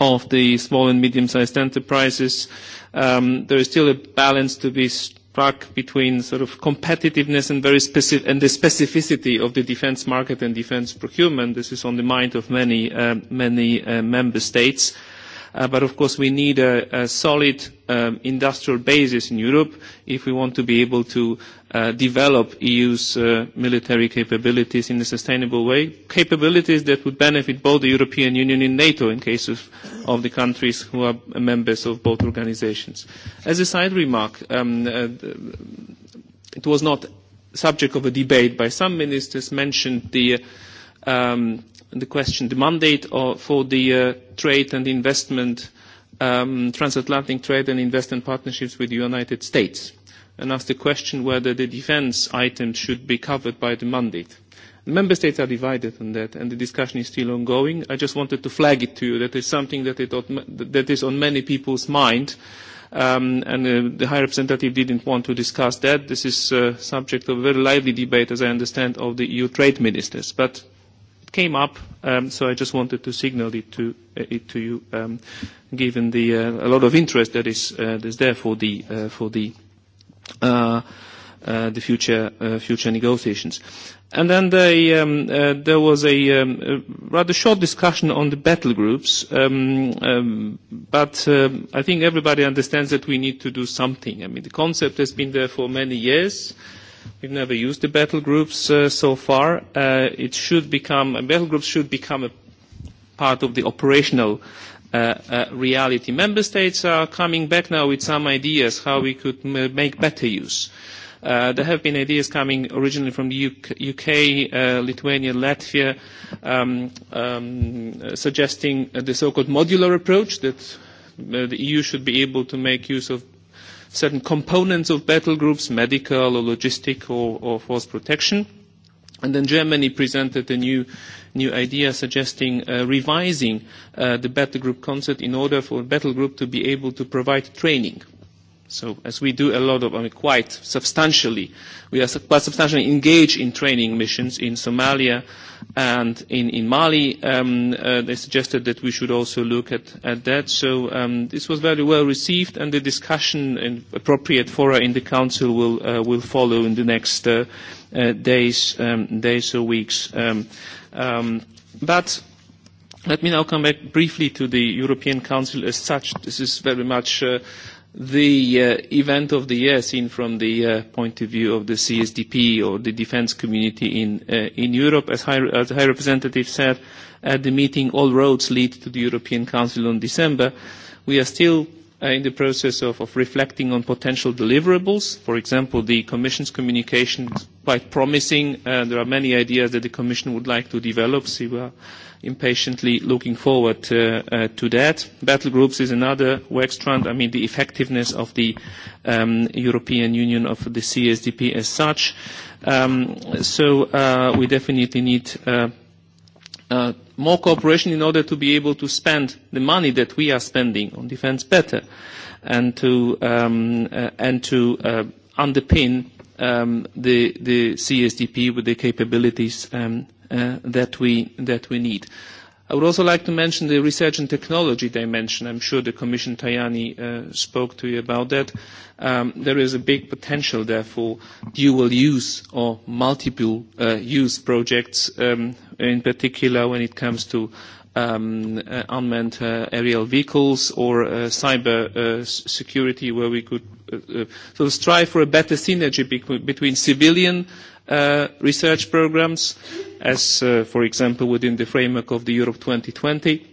of the small and medium-sized enterprises, uh, um, there is still a balance to be struck between sort of competitiveness and very specific and the specificity of the defence market and defence procurement. This is on the mind of many uh, many uh, member states. Uh, Uh, but of course, we need a, a solid um, industrial basis in Europe if we want to be able to uh, develop EU's uh, military capabilities in a sustainable way, capabilities that would benefit both the European Union and NATO in case of, of the countries who are members of both organizations. As a side remark, um, uh, it was not subject of a debate by some ministers mentioned the um, the question, the mandate of, for the uh, trade and investment, um, transatlantic trade and investment partnerships with the United States, and asked the question whether the defense item should be covered by the mandate. The member states are divided on that, and the discussion is still ongoing. I just wanted to flag it to you that it's something that, it ought, that is on many people's mind, um, and uh, the High Representative didn't want to discuss that. This is uh, subject of a very lively debate, as I understand, of the EU trade ministers. But it came up, um, so I just wanted to signal it to, uh, it to you, um, given the uh, a lot of interest that is, uh, that is there for the, uh, for the, uh, uh, the future, uh, future negotiations. And then they, um, uh, there was a, um, a rather short discussion on the battle groups, um, um, but um, I think everybody understands that we need to do something. I mean, the concept has been there for many years. Uh, We've never used the battle groups uh, so far. Uh, it should become, battle groups should become a part of the operational uh, uh, reality. Member states are coming back now with some ideas how we could m- make better use. Uh, there have been ideas coming originally from the UK, UK uh, Lithuania, Latvia, um, um, uh, suggesting uh, the so-called modular approach that uh, the EU should be able to make use of certain components of battle groups, medical or logistic or, or force protection. And then Germany presented a new, new idea suggesting uh, revising uh, the battle group concept in order for a battle group to be able to provide training. Uh, So as we do a lot of, I mean, quite substantially, we are quite substantially engaged in training missions in Somalia and in, in Mali. Um, uh, they suggested that we should also look at, at that. So um, this was very well received, and the discussion in appropriate fora in the Council will, uh, will follow in the next uh, uh, days, um, days or weeks. Um, um, but let me now come back briefly to the European Council as such. This is very much... Uh, the uh, event of the year seen from the uh, point of view of the CSDP or the defense community in, uh, in Europe. As High, as High Representative said at the meeting, all roads lead to the European Council in December. We are still uh, in the process of, of reflecting on potential deliverables. For example, the Commission's communication is quite promising. Uh, there are many ideas that the Commission would like to develop, so we are impatiently looking forward uh, uh, to that. Battle groups is another work strand. I mean, the effectiveness of the um, European Union of the CSDP as such. Um, so uh, we definitely need uh, uh, more cooperation in order to be able to spend the money that we are spending on defense better and to, um, uh, and to uh, underpin um, the, the CSDP with the capabilities um, uh, that, we, that we need. Uh, I would also like to mention the research and technology dimension. I'm sure the Commission Tajani uh, spoke to you about that. Um, there is a big potential there for dual use or multiple uh, use projects, um, in particular when it comes to um, uh, unmanned uh, aerial vehicles or uh, cyber uh, security where we could uh, uh, sort of strive for a better synergy be between civilian uh, uh, research programs, as, uh, for example, within the framework of the Europe 2020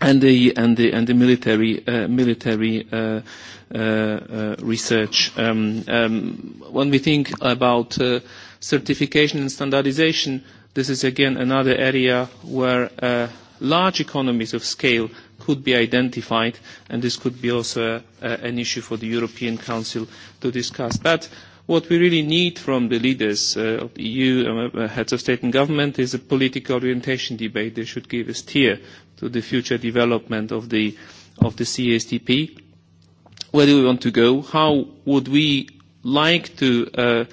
and the, and the, and the military, uh, military uh, uh, uh, research. Um, um, when we think about uh, certification and standardization, this is again another area where uh, large economies of scale could be identified, and this could be also a, uh, a, an issue for the European Council to discuss. But What we really need from the leaders uh, of the EU, uh, uh, heads of state and government, is a political orientation debate. They should give a steer to the future development of the, of the CSTP. Where do we want to go? How would we like to uh,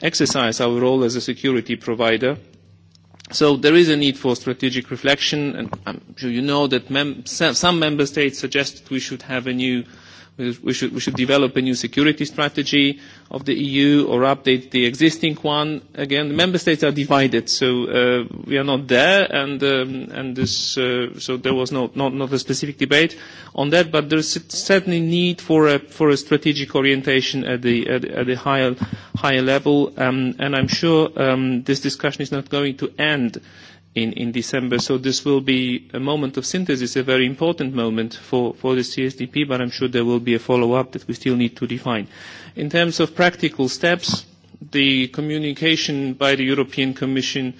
exercise our role as a security provider? So there is a need for strategic reflection, and I'm sure you know that mem- some member states suggested we should have a new uh, We should, we should develop a new security strategy of the EU or update the existing one. Again, the member states are divided, so uh, we are not there, and um, and this uh, so there was no, not not a specific debate on that, but there is certainly need for a for a strategic orientation at the at, at the higher higher level, um, and I'm sure um, this discussion is not going to end in, in December. So this will be a moment of synthesis, a very important moment for, for the CSDP, but I'm sure there will be a follow-up that we still need to define. In terms of practical steps, the communication by the European Commission,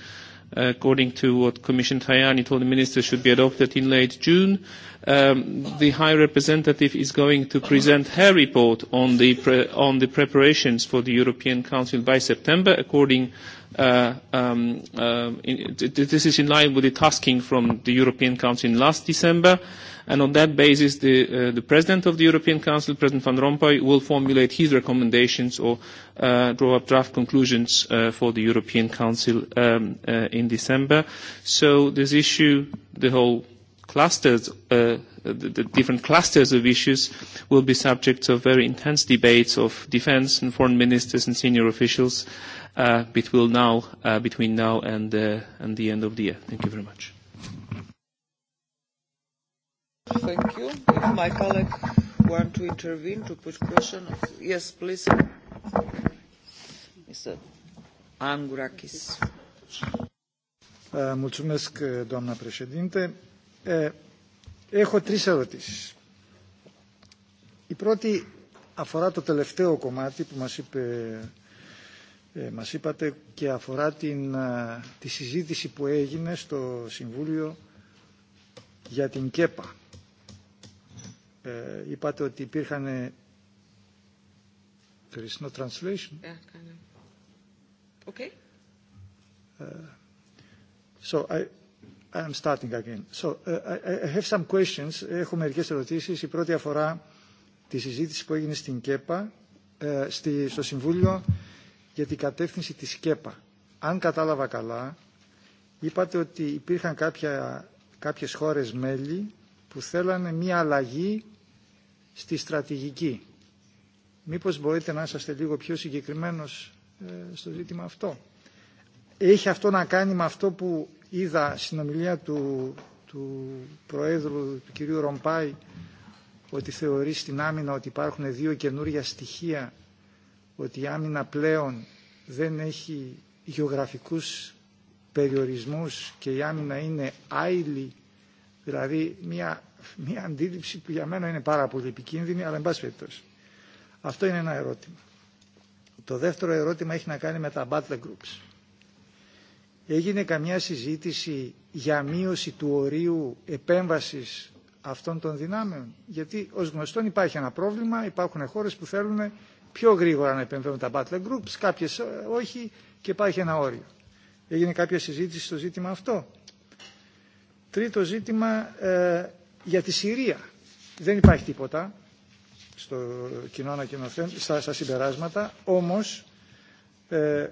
uh, according to what Commission Tajani told the minister, should be adopted in late June. Um, the High Representative is going to present her report on the, pre- on the preparations for the European Council by September, according Uh, um, uh, in, this is in line with the tasking from the European Council in last December, and on that basis, the, uh, the President of the European Council, President Van Rompuy, will formulate his recommendations or uh, draw up draft conclusions uh, for the European Council um, uh, in December. So this issue, the whole clusters, uh, the, the different clusters of issues will be subjects of very intense debates of defense and foreign ministers and senior officials uh, uh, between now, uh, between now and, uh, and the end of the year. Thank you very much. Thank you. If my colleague want to intervene to put question, yes, please. Mr. Angurakis. Uh, mulțumesc, uh, doamna președinte. Uh, έχω τρεις ερωτήσεις. Η πρώτη αφορά το τελευταίο κομμάτι που μας είπε ε, μας είπατε και αφορά την, ε, τη συζήτηση που έγινε στο Συμβούλιο για την ΚΕΠΑ. Ε, είπατε ότι υπήρχαν... There is no translation. Yeah, kind of. Okay. Uh, so I, I'm starting again. So, uh, I have some questions. Έχω μερικές ερωτήσεις. Η πρώτη αφορά τη συζήτηση που έγινε στην ΚΕΠΑ, ε, στη, στο Συμβούλιο για την κατεύθυνση της ΚΕΠΑ. Αν κατάλαβα καλά, είπατε ότι υπήρχαν κάποια, κάποιες χώρες μέλη που θέλανε μία αλλαγή στη στρατηγική. Μήπως μπορείτε να είσαστε λίγο πιο συγκεκριμένος ε, στο ζήτημα αυτό. Έχει αυτό να κάνει με αυτό που είδα στην ομιλία του, του Προέδρου, του κυρίου Ρομπάη, ότι θεωρεί στην άμυνα ότι υπάρχουν δύο καινούργια στοιχεία ότι η άμυνα πλέον δεν έχει γεωγραφικούς περιορισμούς και η άμυνα είναι άειλη, δηλαδή μια, μια αντίληψη που για μένα είναι πάρα πολύ επικίνδυνη, αλλά εν πάση περιπτώσει. Αυτό είναι ένα ερώτημα. Το δεύτερο ερώτημα έχει να κάνει με τα battle groups. Έγινε καμιά συζήτηση για μείωση του ορίου επέμβασης αυτών των δυνάμεων. Γιατί ως γνωστόν υπάρχει ένα πρόβλημα, υπάρχουν χώρες που θέλουν πιο γρήγορα να επεμβαίνουν τα battle groups, κάποιες όχι και υπάρχει ένα όριο. Έγινε κάποια συζήτηση στο ζήτημα αυτό. Τρίτο ζήτημα ε, για τη Συρία. Δεν υπάρχει τίποτα στο κοινό ανακοινωθέν, στα, στα συμπεράσματα, όμως ε,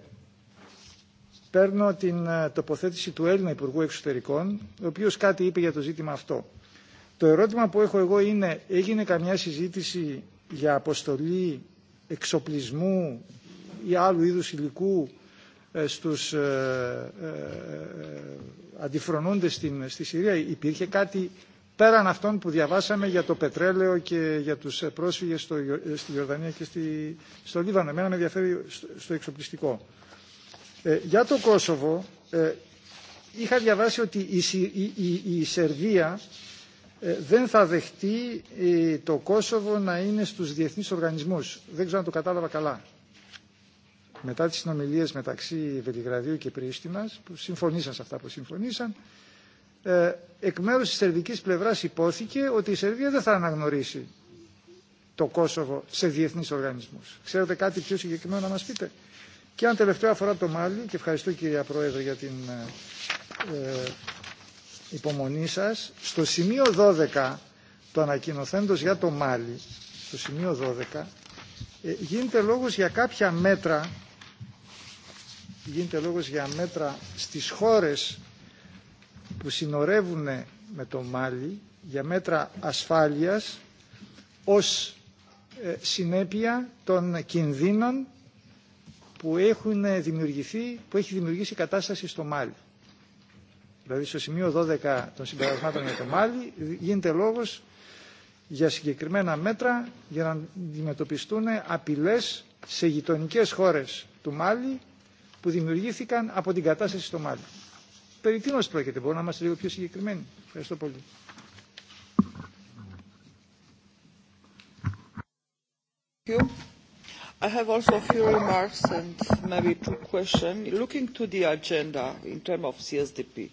παίρνω την ε, τοποθέτηση του Έλληνα Υπουργού Εξωτερικών, ο οποίος κάτι είπε για το ζήτημα αυτό. Το ερώτημα που έχω εγώ είναι, έγινε καμιά συζήτηση για αποστολή εξοπλισμού ή άλλου είδους υλικού στους ε, ε, αντιφρονούντες στην, στη Συρία. Υπήρχε κάτι πέραν αυτών που διαβάσαμε για το πετρέλαιο και για τους πρόσφυγες στο, στη Ιορδανία και στη, στο Λίβανο. Εμένα με ενδιαφέρει στο, στο εξοπλιστικό. Ε, για το Κόσοβο ε, είχα διαβάσει ότι η, η, η, η Σερβία δεν θα δεχτεί το Κόσοβο να είναι στους διεθνείς οργανισμούς. Δεν ξέρω αν το κατάλαβα καλά. Μετά τις συνομιλίες μεταξύ Βελιγραδίου και Πρίστινας, που συμφωνήσαν σε αυτά που συμφωνήσαν, εκ μέρους της σερβικής πλευράς υπόθηκε ότι η Σερβία δεν θα αναγνωρίσει το Κόσοβο σε διεθνείς οργανισμούς. Ξέρετε κάτι πιο συγκεκριμένο να μας πείτε. Και αν τελευταία αφορά το Μάλι, και ευχαριστώ κυρία Πρόεδρε για την ε, υπομονή σας. Στο σημείο 12 του ανακοινωθέντος για το Μάλι, στο σημείο 12, ε, γίνεται λόγος για κάποια μέτρα γίνεται λόγος για μέτρα στις χώρες που συνορεύουν με το Μάλι για μέτρα ασφάλειας ως ε, συνέπεια των κινδύνων που, έχουν δημιουργηθεί, που έχει δημιουργήσει η κατάσταση στο Μάλι δηλαδή στο σημείο 12 των συμπερασμάτων για το Μάλι, γίνεται λόγος για συγκεκριμένα μέτρα για να αντιμετωπιστούν απειλές σε γειτονικές χώρες του Μάλι που δημιουργήθηκαν από την κατάσταση στο Μάλι. Περί τίνος πρόκειται, μπορούμε να είμαστε λίγο πιο συγκεκριμένοι. Ευχαριστώ πολύ. Thank you. I have also a few remarks and maybe two questions. Looking to the agenda in terms of CSDP,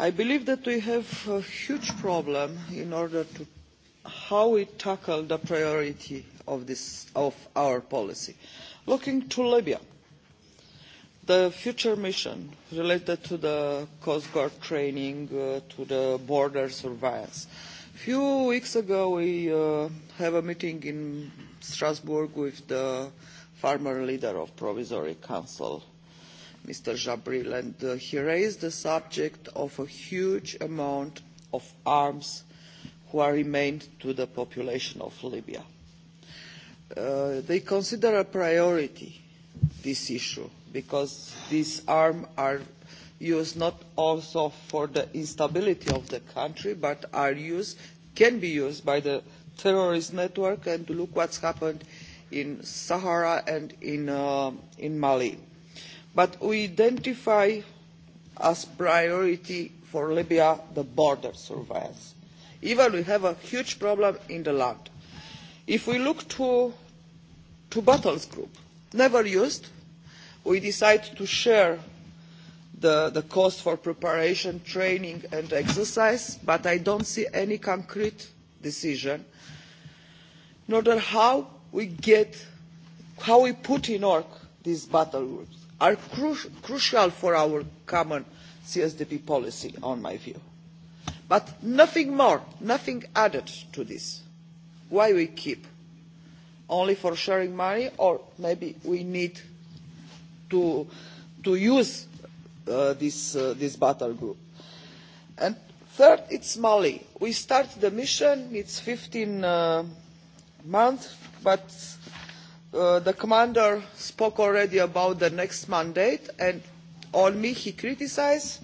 I believe that we have a huge problem in order to how we tackle the priority of, this, of our policy. Looking to Libya, the future mission related to the Coast Guard training, uh, to the border surveillance, uh, few weeks ago, we uh, have a meeting in Strasbourg with the former leader of Provisory Council, Mr. Jabril, and uh, he raised the subject of a huge amount of arms who are remained to the population of Libya. Uh, they consider a priority this issue because these arms are used not also for the instability of the country, but are used, can be used by the terrorist network. And look what's happened in Sahara and in, uh, in Mali. But we identify as priority for Libya the border surveillance. Even we have a huge problem in the land. If we look to, to battles group, never used, we decide to share the, the cost for preparation, training and exercise, but I don't see any concrete decision, nor how we get, how we put in work these battle groups are cru crucial for our common CSDP policy, on my view. But nothing more, nothing added to this. Why we keep? Only for sharing money, or maybe we need to, to use uh, this, uh, this battle group. And third, it's Mali. We start the mission, it's 15 uh, months, but uh, the commander spoke already about the next mandate, and on me he criticized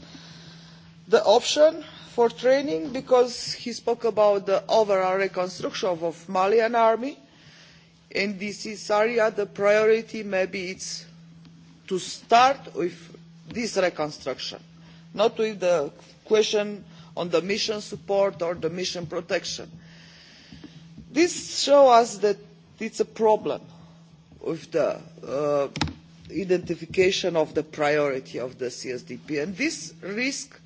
the option for training because he spoke about the overall reconstruction of Malian army. In this area, the priority maybe it's to start with this reconstruction not with the question on the mission support or the mission protection. this shows us that it is a problem with the uh, identification of the priority of the csdp and this risks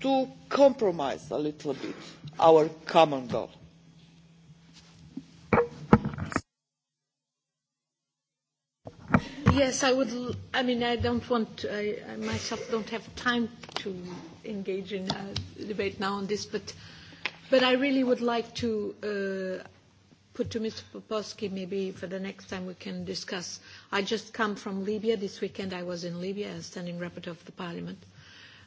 to compromise a little bit our common goal Yes, I would. I mean, I don't want. To, I, I myself don't have time to engage in a debate now on this, but but I really would like to. Uh, put to Mr. Popovsky, maybe for the next time we can discuss. I just come from Libya. This weekend I was in Libya as standing rapporteur of the parliament.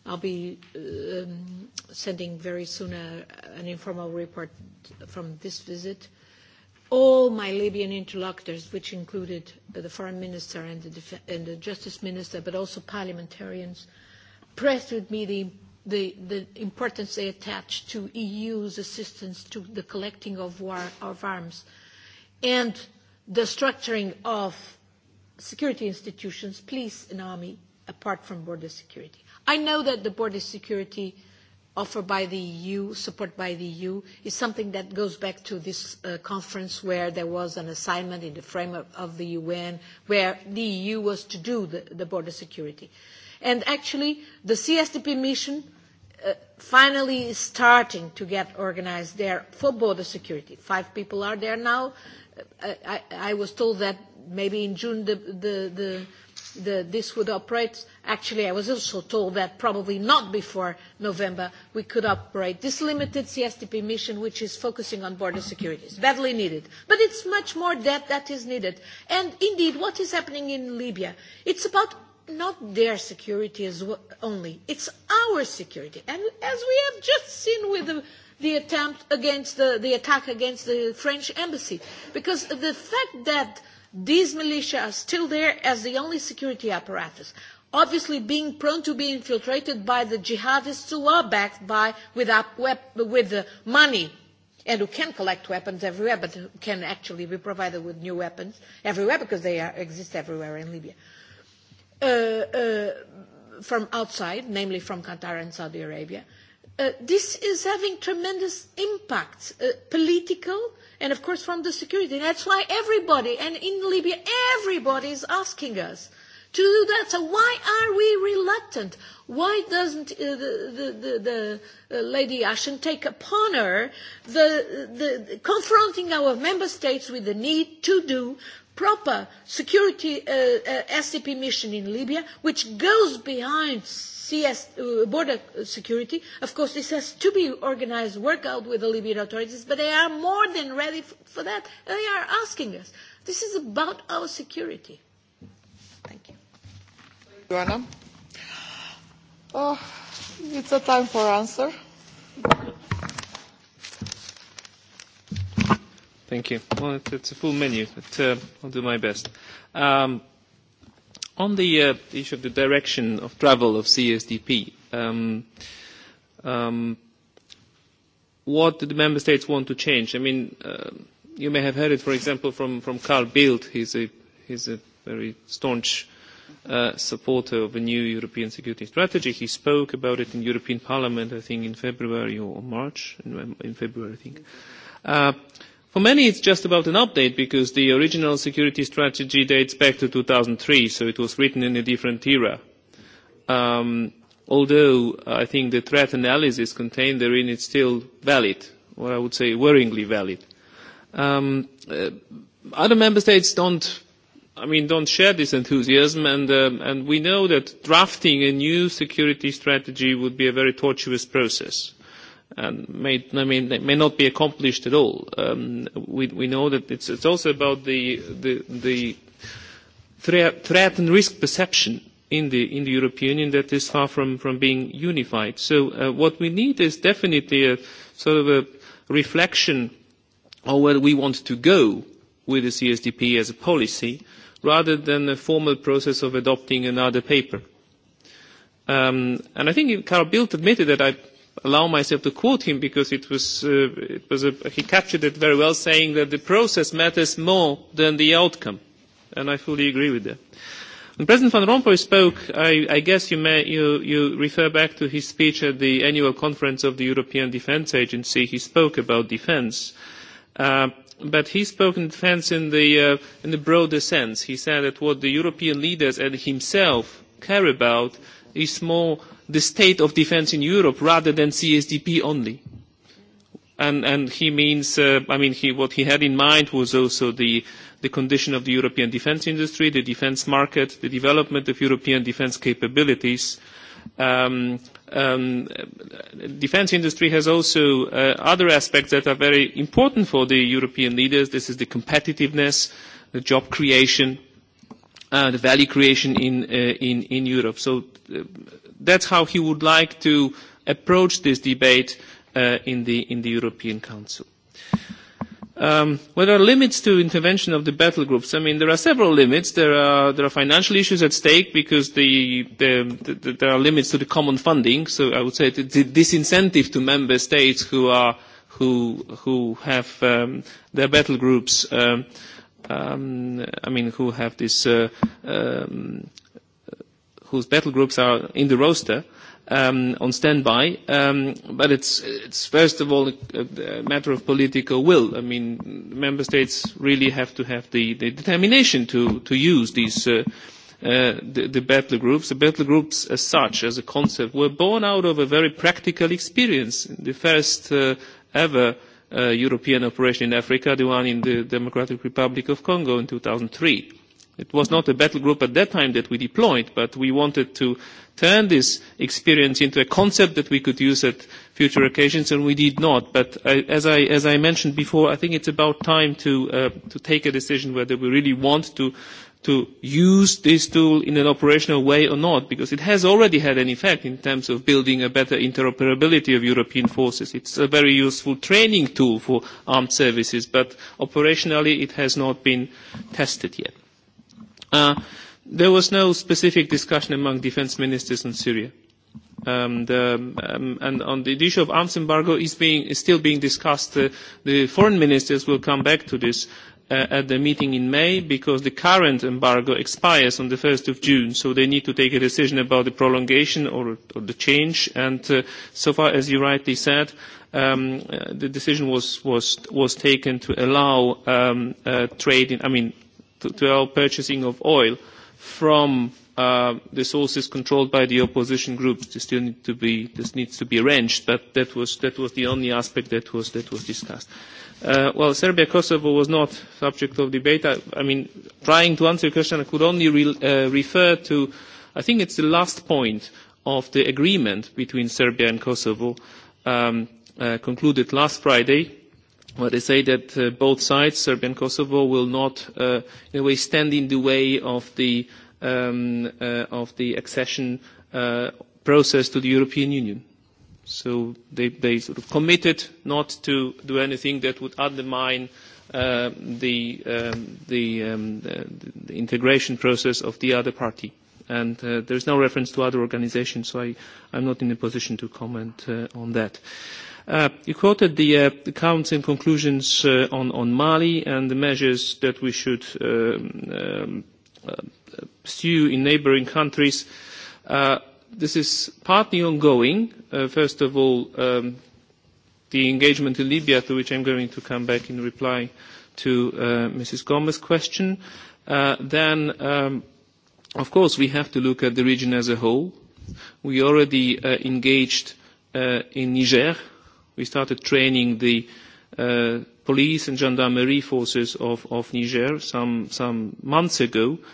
I'll be um, sending very soon a, an informal report from this visit. Uh, all my Libyan interlocutors, which included the foreign minister and the, def- and the justice minister, but also parliamentarians, pressed with me the, the, the importance they attach to EU's assistance to the collecting of, war, of arms and the structuring of security institutions, police and army, apart from border security. I know that the border security uh, offered by the EU, supported by the EU, is something that goes back to this uh, conference where there was an assignment in the framework of the UN where the EU was to do the, the border security. And actually, the CSDP mission uh, finally is starting to get organized there for border security. Five people are there now. Uh, I, I, I was told that maybe in June the, the, the – the, this would operate. Actually, I was also told that probably not before November we could operate this limited CSTP mission, which is focusing on border security. It's badly needed. But it's much more that that is needed. And indeed, what is happening in Libya? It's about not their security as well, only. It's our security. And as we have just seen with the, the attempt against the, the attack against the French embassy, because the fact that These militia are still there as the only security apparatus, obviously being prone to be infiltrated by the jihadists who are backed by, with, up, wep- with uh, money and who can collect weapons everywhere, but who can actually be provided with new weapons everywhere because they are, exist everywhere in Libya. Uh, uh, from outside, namely from Qatar and Saudi Arabia. Uh, uh, this is having tremendous impact, uh, political, and of course from the security. And that's why everybody, and in Libya, everybody is asking us to do that. So why are we reluctant? Why doesn't uh, the, the, the, the uh, Lady Ashton take upon her the, the, the confronting our member states with the need to do proper security uh, uh, SCP mission in Libya, which goes behind CS, uh, border security. Of course, this has to be organized, work out with the Libyan authorities, but they are more than ready f- for that. They are asking us. This is about our security. Thank you. Thank you, Anna. Oh, it's a time for answer. Thank you. Thank you. Well, it, it's a full menu, but uh, I'll do my best. Um, on the uh, issue of the direction of travel of CSDP, um, um, what do the member states want to change? I mean, uh, you may have heard it, for example, from, from Carl Bildt. He's a, he's a very staunch uh, supporter of a new European security strategy. He spoke about it in European Parliament, I think, in February or March, in, in February, I think. Uh, For many, it's just about an update because the original security strategy dates back to 2003, so it was written in a different era. Um, although I think the threat analysis contained therein is still valid, or I would say worryingly valid. Um, uh, other member states don't, I mean, don't share this enthusiasm, and, um, and we know that drafting a new security strategy would be a very tortuous process and may, I mean, it may not be accomplished at all. Um, we, we know that it's, it's also about the, the, the thre- threat and risk perception in the, in the European Union that is far from, from being unified. So uh, what we need is definitely a sort of a reflection on where we want to go with the CSDP as a policy rather than a formal process of adopting another paper. Um, and I think Carl Bildt admitted that I allow myself to quote him because it was, uh, it was a, he captured it very well, saying that the process matters more than the outcome. And I fully agree with that. When President Van Rompuy spoke, I, I guess you, may, you, you refer back to his speech at the annual conference of the European Defence Agency. He spoke about defence. Uh, but he spoke in defence in, the, uh, in the broader sense. He said that what the European leaders and himself care about is more the state of defense in Europe rather than CSDP only. And, and he means, uh, I mean, he, what he had in mind was also the, the condition of the European defense industry, the defense market, the development of European defense capabilities, um, um, defense industry has also uh, other aspects that are very important for the European leaders. This is the competitiveness, the job creation, uh, the value creation in, uh, in, in Europe. So uh, that's how he would like to approach this debate uh, in, the, in the European Council. Um, what are limits to intervention of the battle groups? I mean, there are several limits. There are, there are financial issues at stake because the, the, the, the, there are limits to the common funding. So I would say the disincentive to member states who, are, who, who have um, their battle groups um, uh, um, I mean, who have this, uh, um, whose battle groups are in the roster um, on standby. Um, but it's, it's first of all a, a matter of political will. I mean, member states really have to have the, the determination to, to use these. Uh, uh, the, the battle groups. The battle groups as such, as a concept, were born out of a very practical experience. The first uh, ever uh, uh, European operation in Africa, the one in the Democratic Republic of Congo in 2003. It was not a battle group at that time that we deployed, but we wanted to turn this experience into a concept that we could use at future occasions, and we did not. But I, as, I, as I mentioned before, I think it's about time to, uh, to take a decision whether we really want to to use this tool in an operational way or not, because it has already had an effect in terms of building a better interoperability of European forces. It's a very useful training tool for armed services, but operationally it has not been tested yet. Uh, there was no specific discussion among defense ministers on Syria. Um, the, um, and on the issue of arms embargo is, being, is still being discussed. Uh, the foreign ministers will come back to this uh, at the meeting in May because the current embargo expires on the 1st of June, so they need to take a decision about the prolongation or, or the change. And uh, so far, as you rightly said, um, uh, the decision was, was, was taken to allow um, uh, trade in, I mean, to, to allow purchasing of oil from uh, the sources controlled by the opposition groups. This still need to be, this needs to be arranged, but that was, that was the only aspect that was, that was discussed. Uh, well, Serbia, Kosovo was not subject of debate. I, I mean, trying to answer your question, I could only re, uh, refer to, I think it's the last point of the agreement between Serbia and Kosovo um, uh, concluded last Friday, where they say that uh, both sides, Serbia and Kosovo, will not uh, in a way stand in the way of the uh, um, uh, of the accession uh, process to the European Union. So they, they sort of committed not to do anything that would undermine uh, the, um, the, um, the, the integration process of the other party. And uh, there's no reference to other organizations, so I, I'm not in a position to comment uh, on that. Uh, you quoted the, uh, the Council conclusions uh, on, on Mali and the measures that we should um, um, uh, stew in neighbouring countries. Uh, this is partly ongoing. Uh, first of all, um, the engagement in Libya, to which I'm going to come back in reply to uh, Mrs. Gomez's question. Uh, then, um, of course, we have to look at the region as a whole. We already uh, engaged uh, in Niger. We started training the uh, police and gendarmerie forces of, of Niger some, some months ago. Uh,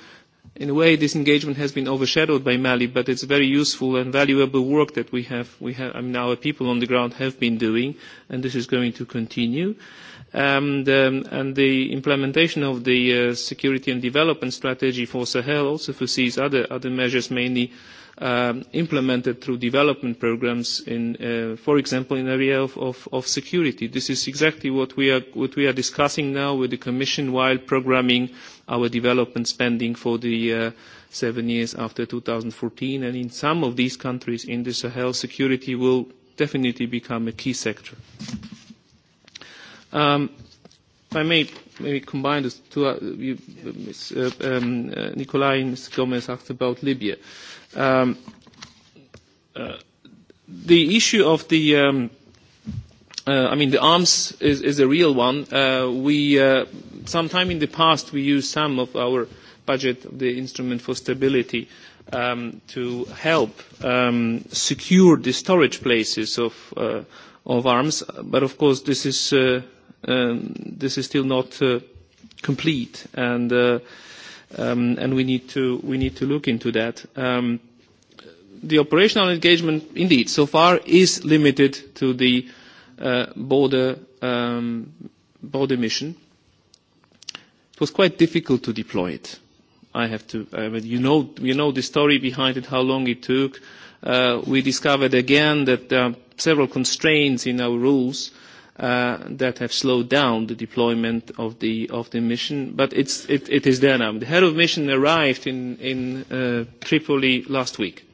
in a way, this engagement has been overshadowed by Mali, but it's very useful and valuable work that we have. We have I mean, our people on the ground have been doing, and this is going to continue. And, um, and the implementation of the uh, security and development strategy for Sahel also foresees other, other measures, mainly uh, um, implemented through development programs in, uh, for example, in the area of, of, of security. This is exactly what we, are, what we are discussing now with the Commission while programming our development spending for the uh, seven years after 2014. And in some of these countries in the Sahel, security will definitely become a key sector. Um, I may maybe combine this two, uh, you, uh, Ms. Uh, um, uh, Nicolai and Ms. Gomez asked about Libya. Um, uh, the issue of the um, uh, I mean, the arms is, is a real one. Uh, we, uh, sometime in the past, we used some of our budget, of the instrument for stability, um, to help um, secure the storage places of, uh, of arms. But of course, this is uh, um, this is still not uh, complete, and uh, um, and we need to we need to look into that. Um, the operational engagement, indeed, so far is limited to the uh, border um, border mission. It was quite difficult to deploy it. I have to, I uh, mean, you know, you know the story behind it, how long it took. Uh, we discovered again that there are several constraints in our rules uh, uh, that have slowed down the deployment of the of the mission. But it's, it, it is there now. The head of mission arrived in in uh, Tripoli last week.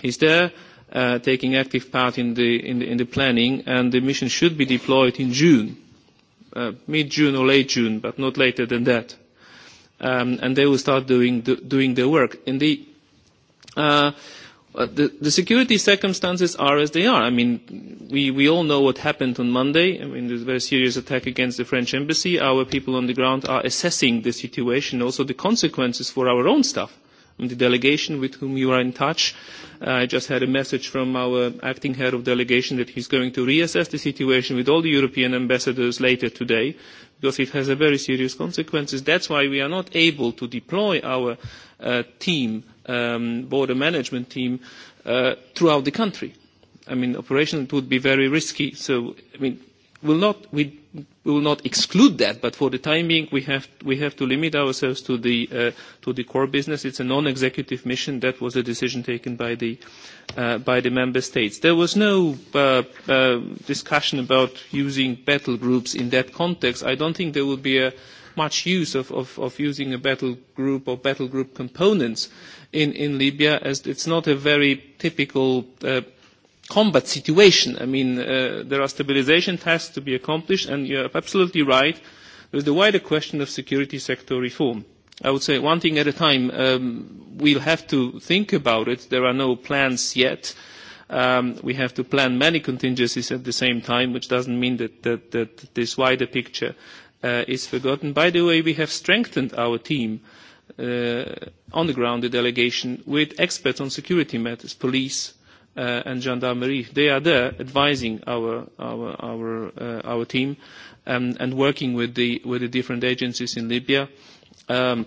He's there. Uh, taking active part in the, in, the, in the planning, and the mission should be deployed in June, uh, mid-June or late June, but not later than that. Um, and they will start doing, do, doing their work. In the, uh, Uh, the, the security circumstances are as they are. I mean, we, we all know what happened on Monday. I mean, there's a very serious attack against the French embassy. Our people on the ground are assessing the situation, also the consequences for our own staff. I mean, the delegation with whom you are in touch, uh, I just had a message from our acting head of delegation that he's going to reassess the situation with all the European ambassadors later today because it has a very serious consequences. That's why we are not able to deploy our uh, team uh, um, border management team uh, throughout the country. I mean, operationally it would be very risky. So, I mean, we'll not, we, we will not exclude that, but for the time being, we have, we have to limit ourselves to the, uh, to the core business. It's a non-executive mission. That was a decision taken by the, uh, by the member states. There was no uh, uh, discussion about using battle groups in that context. I don't think there will be a, much use of, of, of using a battle group or battle group components in, in Libya, as it's not a very typical uh, combat situation. I mean, uh, there are stabilization tasks to be accomplished, and you're absolutely right. There's the wider question of security sector reform. I would say one thing at a time. Um, we'll have to think about it. There are no plans yet. Um, we have to plan many contingencies at the same time, which doesn't mean that, that, that this wider picture uh, is forgotten. By the way, we have strengthened our team uh, on the ground, the delegation, with experts on security matters, police uh, and gendarmerie. They are there advising our, our, our, uh, our team um, and working with the, with the different agencies in Libya. Um,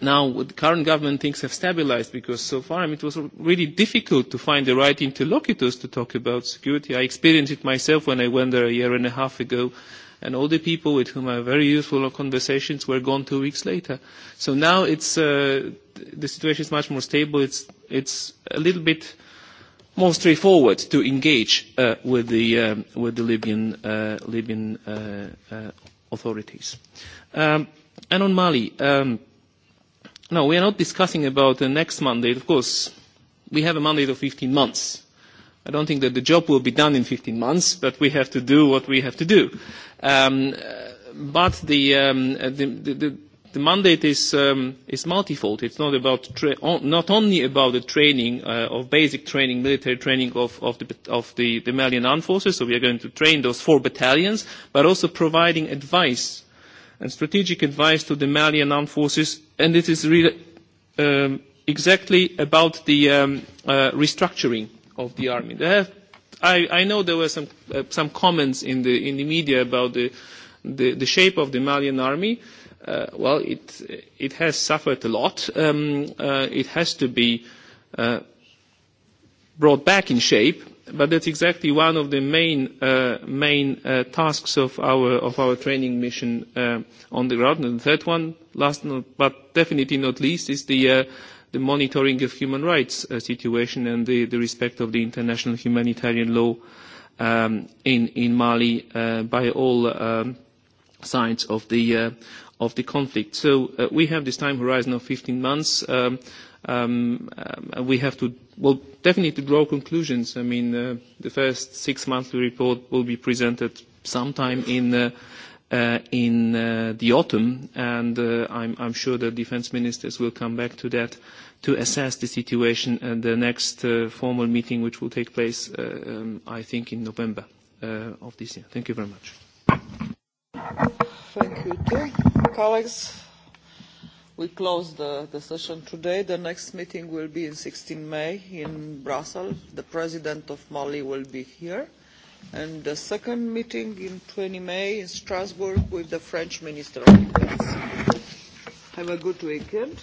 now with the current government things have stabilized because so far I mean, it was really difficult to find the right interlocutors to talk about security. I experienced it myself when I went there a year and a half ago and all the people with whom I had very useful conversations were gone two weeks later. So now it's, uh, the situation is much more stable. It's, it's a little bit more straightforward to engage uh, with, the, um, with the Libyan, uh, Libyan uh, uh, authorities. Um, and on Mali, um, no, we are not discussing about the next mandate. Of course, we have a mandate of 15 months I don't think that the job will be done in 15 months, but we have to do what we have to do. Um, but the, um, the, the, the mandate is, um, is multifold. It's not, about tra- on, not only about the training uh, of basic training, military training of, of, the, of the, the Malian armed forces, so we are going to train those four battalions, but also providing advice and strategic advice to the Malian armed forces, and it is really um, exactly about the um, uh, restructuring of the army. They have, I, I know there were some, uh, some comments in the, in the media about the, the, the shape of the Malian army. Uh, well, it, it has suffered a lot. Um, uh, it has to be uh, brought back in shape, but that's exactly one of the main, uh, main uh, tasks of our, of our training mission uh, on the ground. And the third one, last not, but definitely not least, is the uh, the monitoring of human rights uh, situation and the, the respect of the international humanitarian law um, in, in Mali uh, by all um, sides of the, uh, of the conflict. So uh, we have this time horizon of 15 months. Um, um, um, we have to, well, definitely draw conclusions. I mean, uh, the first six monthly report will be presented sometime in uh, Uh, in uh, the autumn, and uh, I'm, I'm sure the defense ministers will come back to that to assess the situation at the next uh, formal meeting, which will take place, uh, um, I think, in November uh, of this year. Thank you very much. Thank you, too. Colleagues, we close the, the session today. The next meeting will be in 16 May in Brussels. The President of Mali will be here. And the second meeting in 20 May in Strasbourg with the French Minister of Defense. Have a good weekend.